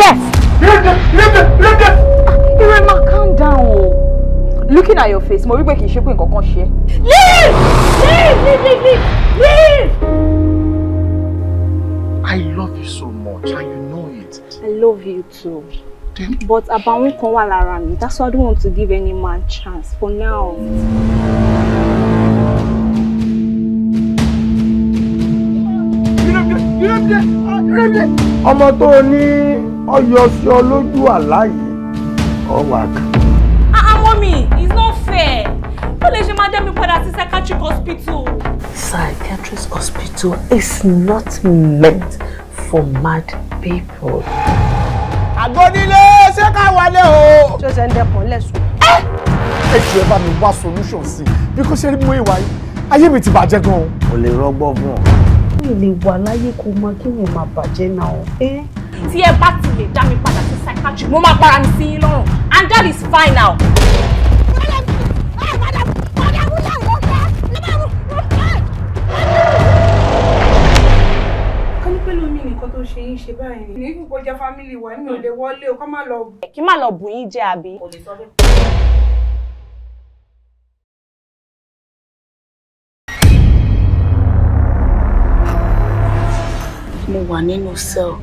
Speaker 1: Yes! Rẹ́dẹ̀ rẹ́dẹ̀ rẹ́dẹ̀. Irema calm down o. Looking at your face, mo rí pé kì í ṣe pé nǹkan Leave! Leave! Leave! Leave! Leave! I love you so much and you know it. I love you too. Then... But àbàwọ́n kan while around me. That's why I don't want to give any man chance for now. ọmọ tó ní ọyọ sí ọ lójú àlá yìí ọwà kan. àmọ́ mi it's not fair ó lè ṣe máa dé mi padà sí psychiatric hospital. psychiatric hospital is not meant for mad people. àgbọ̀nilé ṣé ká wálé o. ṣé o ṣe ń dẹkùn lẹ́sùn. ẹ jù ẹ bá mi wá solution sí i bí kò ṣe mú ìwà yìí ayé mi ti bàjẹ́ gan-an. kò lè rọgbọ́n fún ọ. mi lè wà láyé kó máa kí wọn máa bàjẹ́ náà tí ẹ bá ti lè dá mi padà sí psychiatry mo máa para mi sí yín lọ́rùn and that is fine now. kí má lọ bù yín jẹ àbí. mo wà nínú cell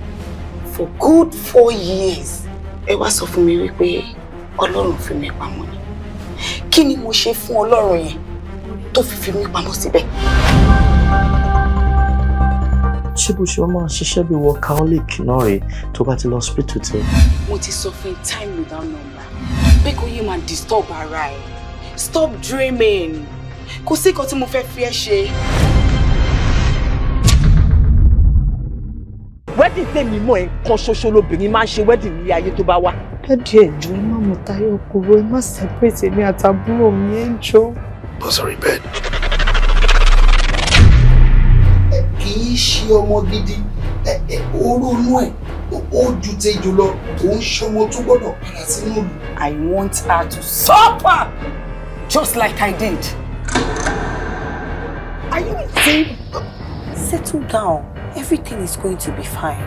Speaker 1: for good four years ẹ wá so fún mi wípé ọlọ́run fi mi pamọ́ ni kí ni mo ṣe fún ọlọ́run yẹn to fi fi mi pamọ́ síbẹ̀. ṣíbùṣe ọmọ ṣiṣẹ́ bíi workaholic náà rèé tó bá ti lọ hospital tẹ. mo ti sọ fún time without number pé kó yé máa disturb ara ẹ stop dreaming kò sí nǹkan tí mo fẹ́ fi ẹ́ ṣe. wẹ́dìn tèmi mọ̀ ẹ́ kan ṣoṣo lobìnrin máa ń ṣe wẹ́dìn nílé ayé tó bá wá. dádì ẹ jọ̀ọ́ ẹ má mú Táyọ̀ kúrò ẹ má sẹpẹtì èmi àtàbúrò mi ẹ jọ̀ọ́. bọ́sọ̀rì bẹ́ẹ̀ ẹ kì í ṣe ọmọ gidi orúnú ẹ ó ju tejò lọ kò ń ṣọmọ tó gbọ́dọ̀ padà sínú ìlú. I want her to suffer just like I did. Are you insane? Settle down. Everything is going to be fine.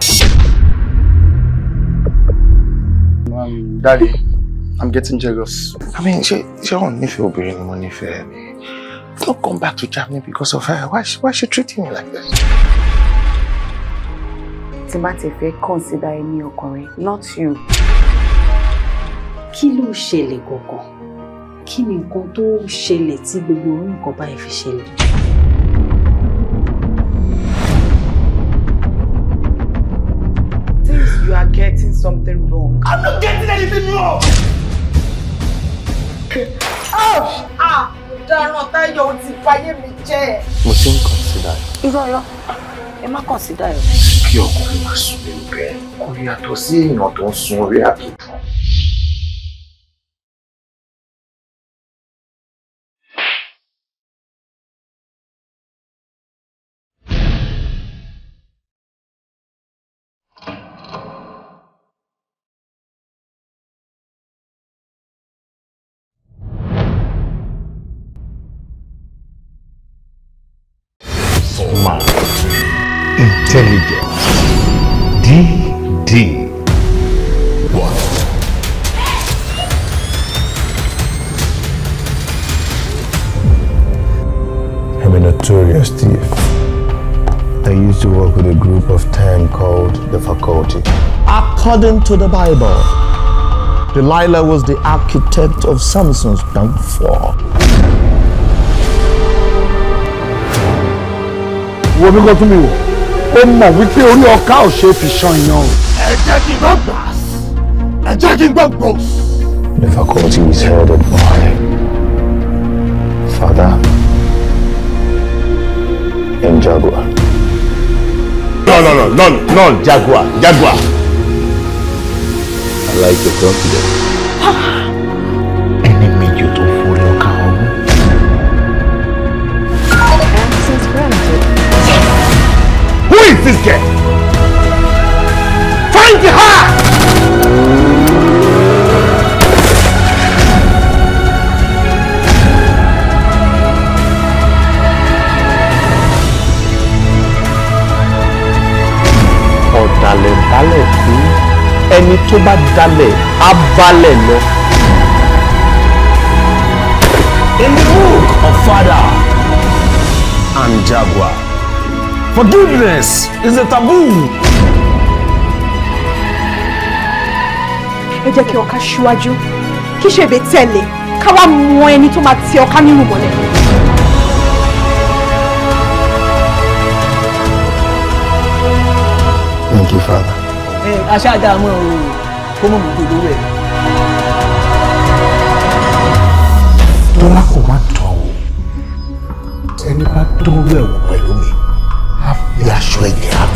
Speaker 1: Um, Daddy, I'm getting jealous. I mean, she, she won't need you bring money for me. I've not come back to Germany because of her. Why, why is she treating me like this? tí bá ti fẹ́ consider ẹni not you. kí ló ṣẹlẹ̀ gangan kí ni nǹkan tó ṣẹlẹ̀ tí are getting something wrong. I'm not getting
Speaker 2: anything wrong!
Speaker 1: Ouch! Ah! Ọ̀daràn Táyọ̀ o ti fayé mi jẹ́. Mo ti ń consider. Irọ́ irọ́, ẹ má consider ẹ̀. Kí ọkùnrin máa sùn lérò bẹ́ẹ̀, kò
Speaker 2: yàtọ̀ sí èèyàn tó ń sun orí
Speaker 1: according to the Bible, Delilah was the architect of Samson's downfall. What mi kọ́ tún mi wò, ó mọ̀ wípé orí ọ̀ká ò ṣe é fi ṣan iná o.
Speaker 2: Ẹ jẹ́ kí n gbọ́ gbàs, ẹ jẹ́ is headed by father
Speaker 1: and jaguar. No, no, no, no, no, jaguar, jaguar
Speaker 2: like your confidence.
Speaker 1: ẹni méjì tó fool your ọmú. access granted.
Speaker 2: Who is this guy? Find her! Ọ̀dàlẹ̀dàlẹ̀
Speaker 1: fún. ẹni tó bá dalẹ̀ á balẹ̀ lọ. In the book of Father and Jaguar, forgiveness is a taboo. ẹ jẹ́ kí ọkà ṣíwájú kí ṣèbè tẹ̀lé ká wá mọ ẹni tó máa tẹ ọkà nínú mọ́lẹ̀. Thank you, Father aṣáájà mọ́ o kó mọ̀ mọ́ gbogbo rẹ̀. dọ́là kò má tán o ẹni bá dánwó ẹ̀wò pẹ̀lú mi á fi aṣọ ẹ̀jẹ̀ á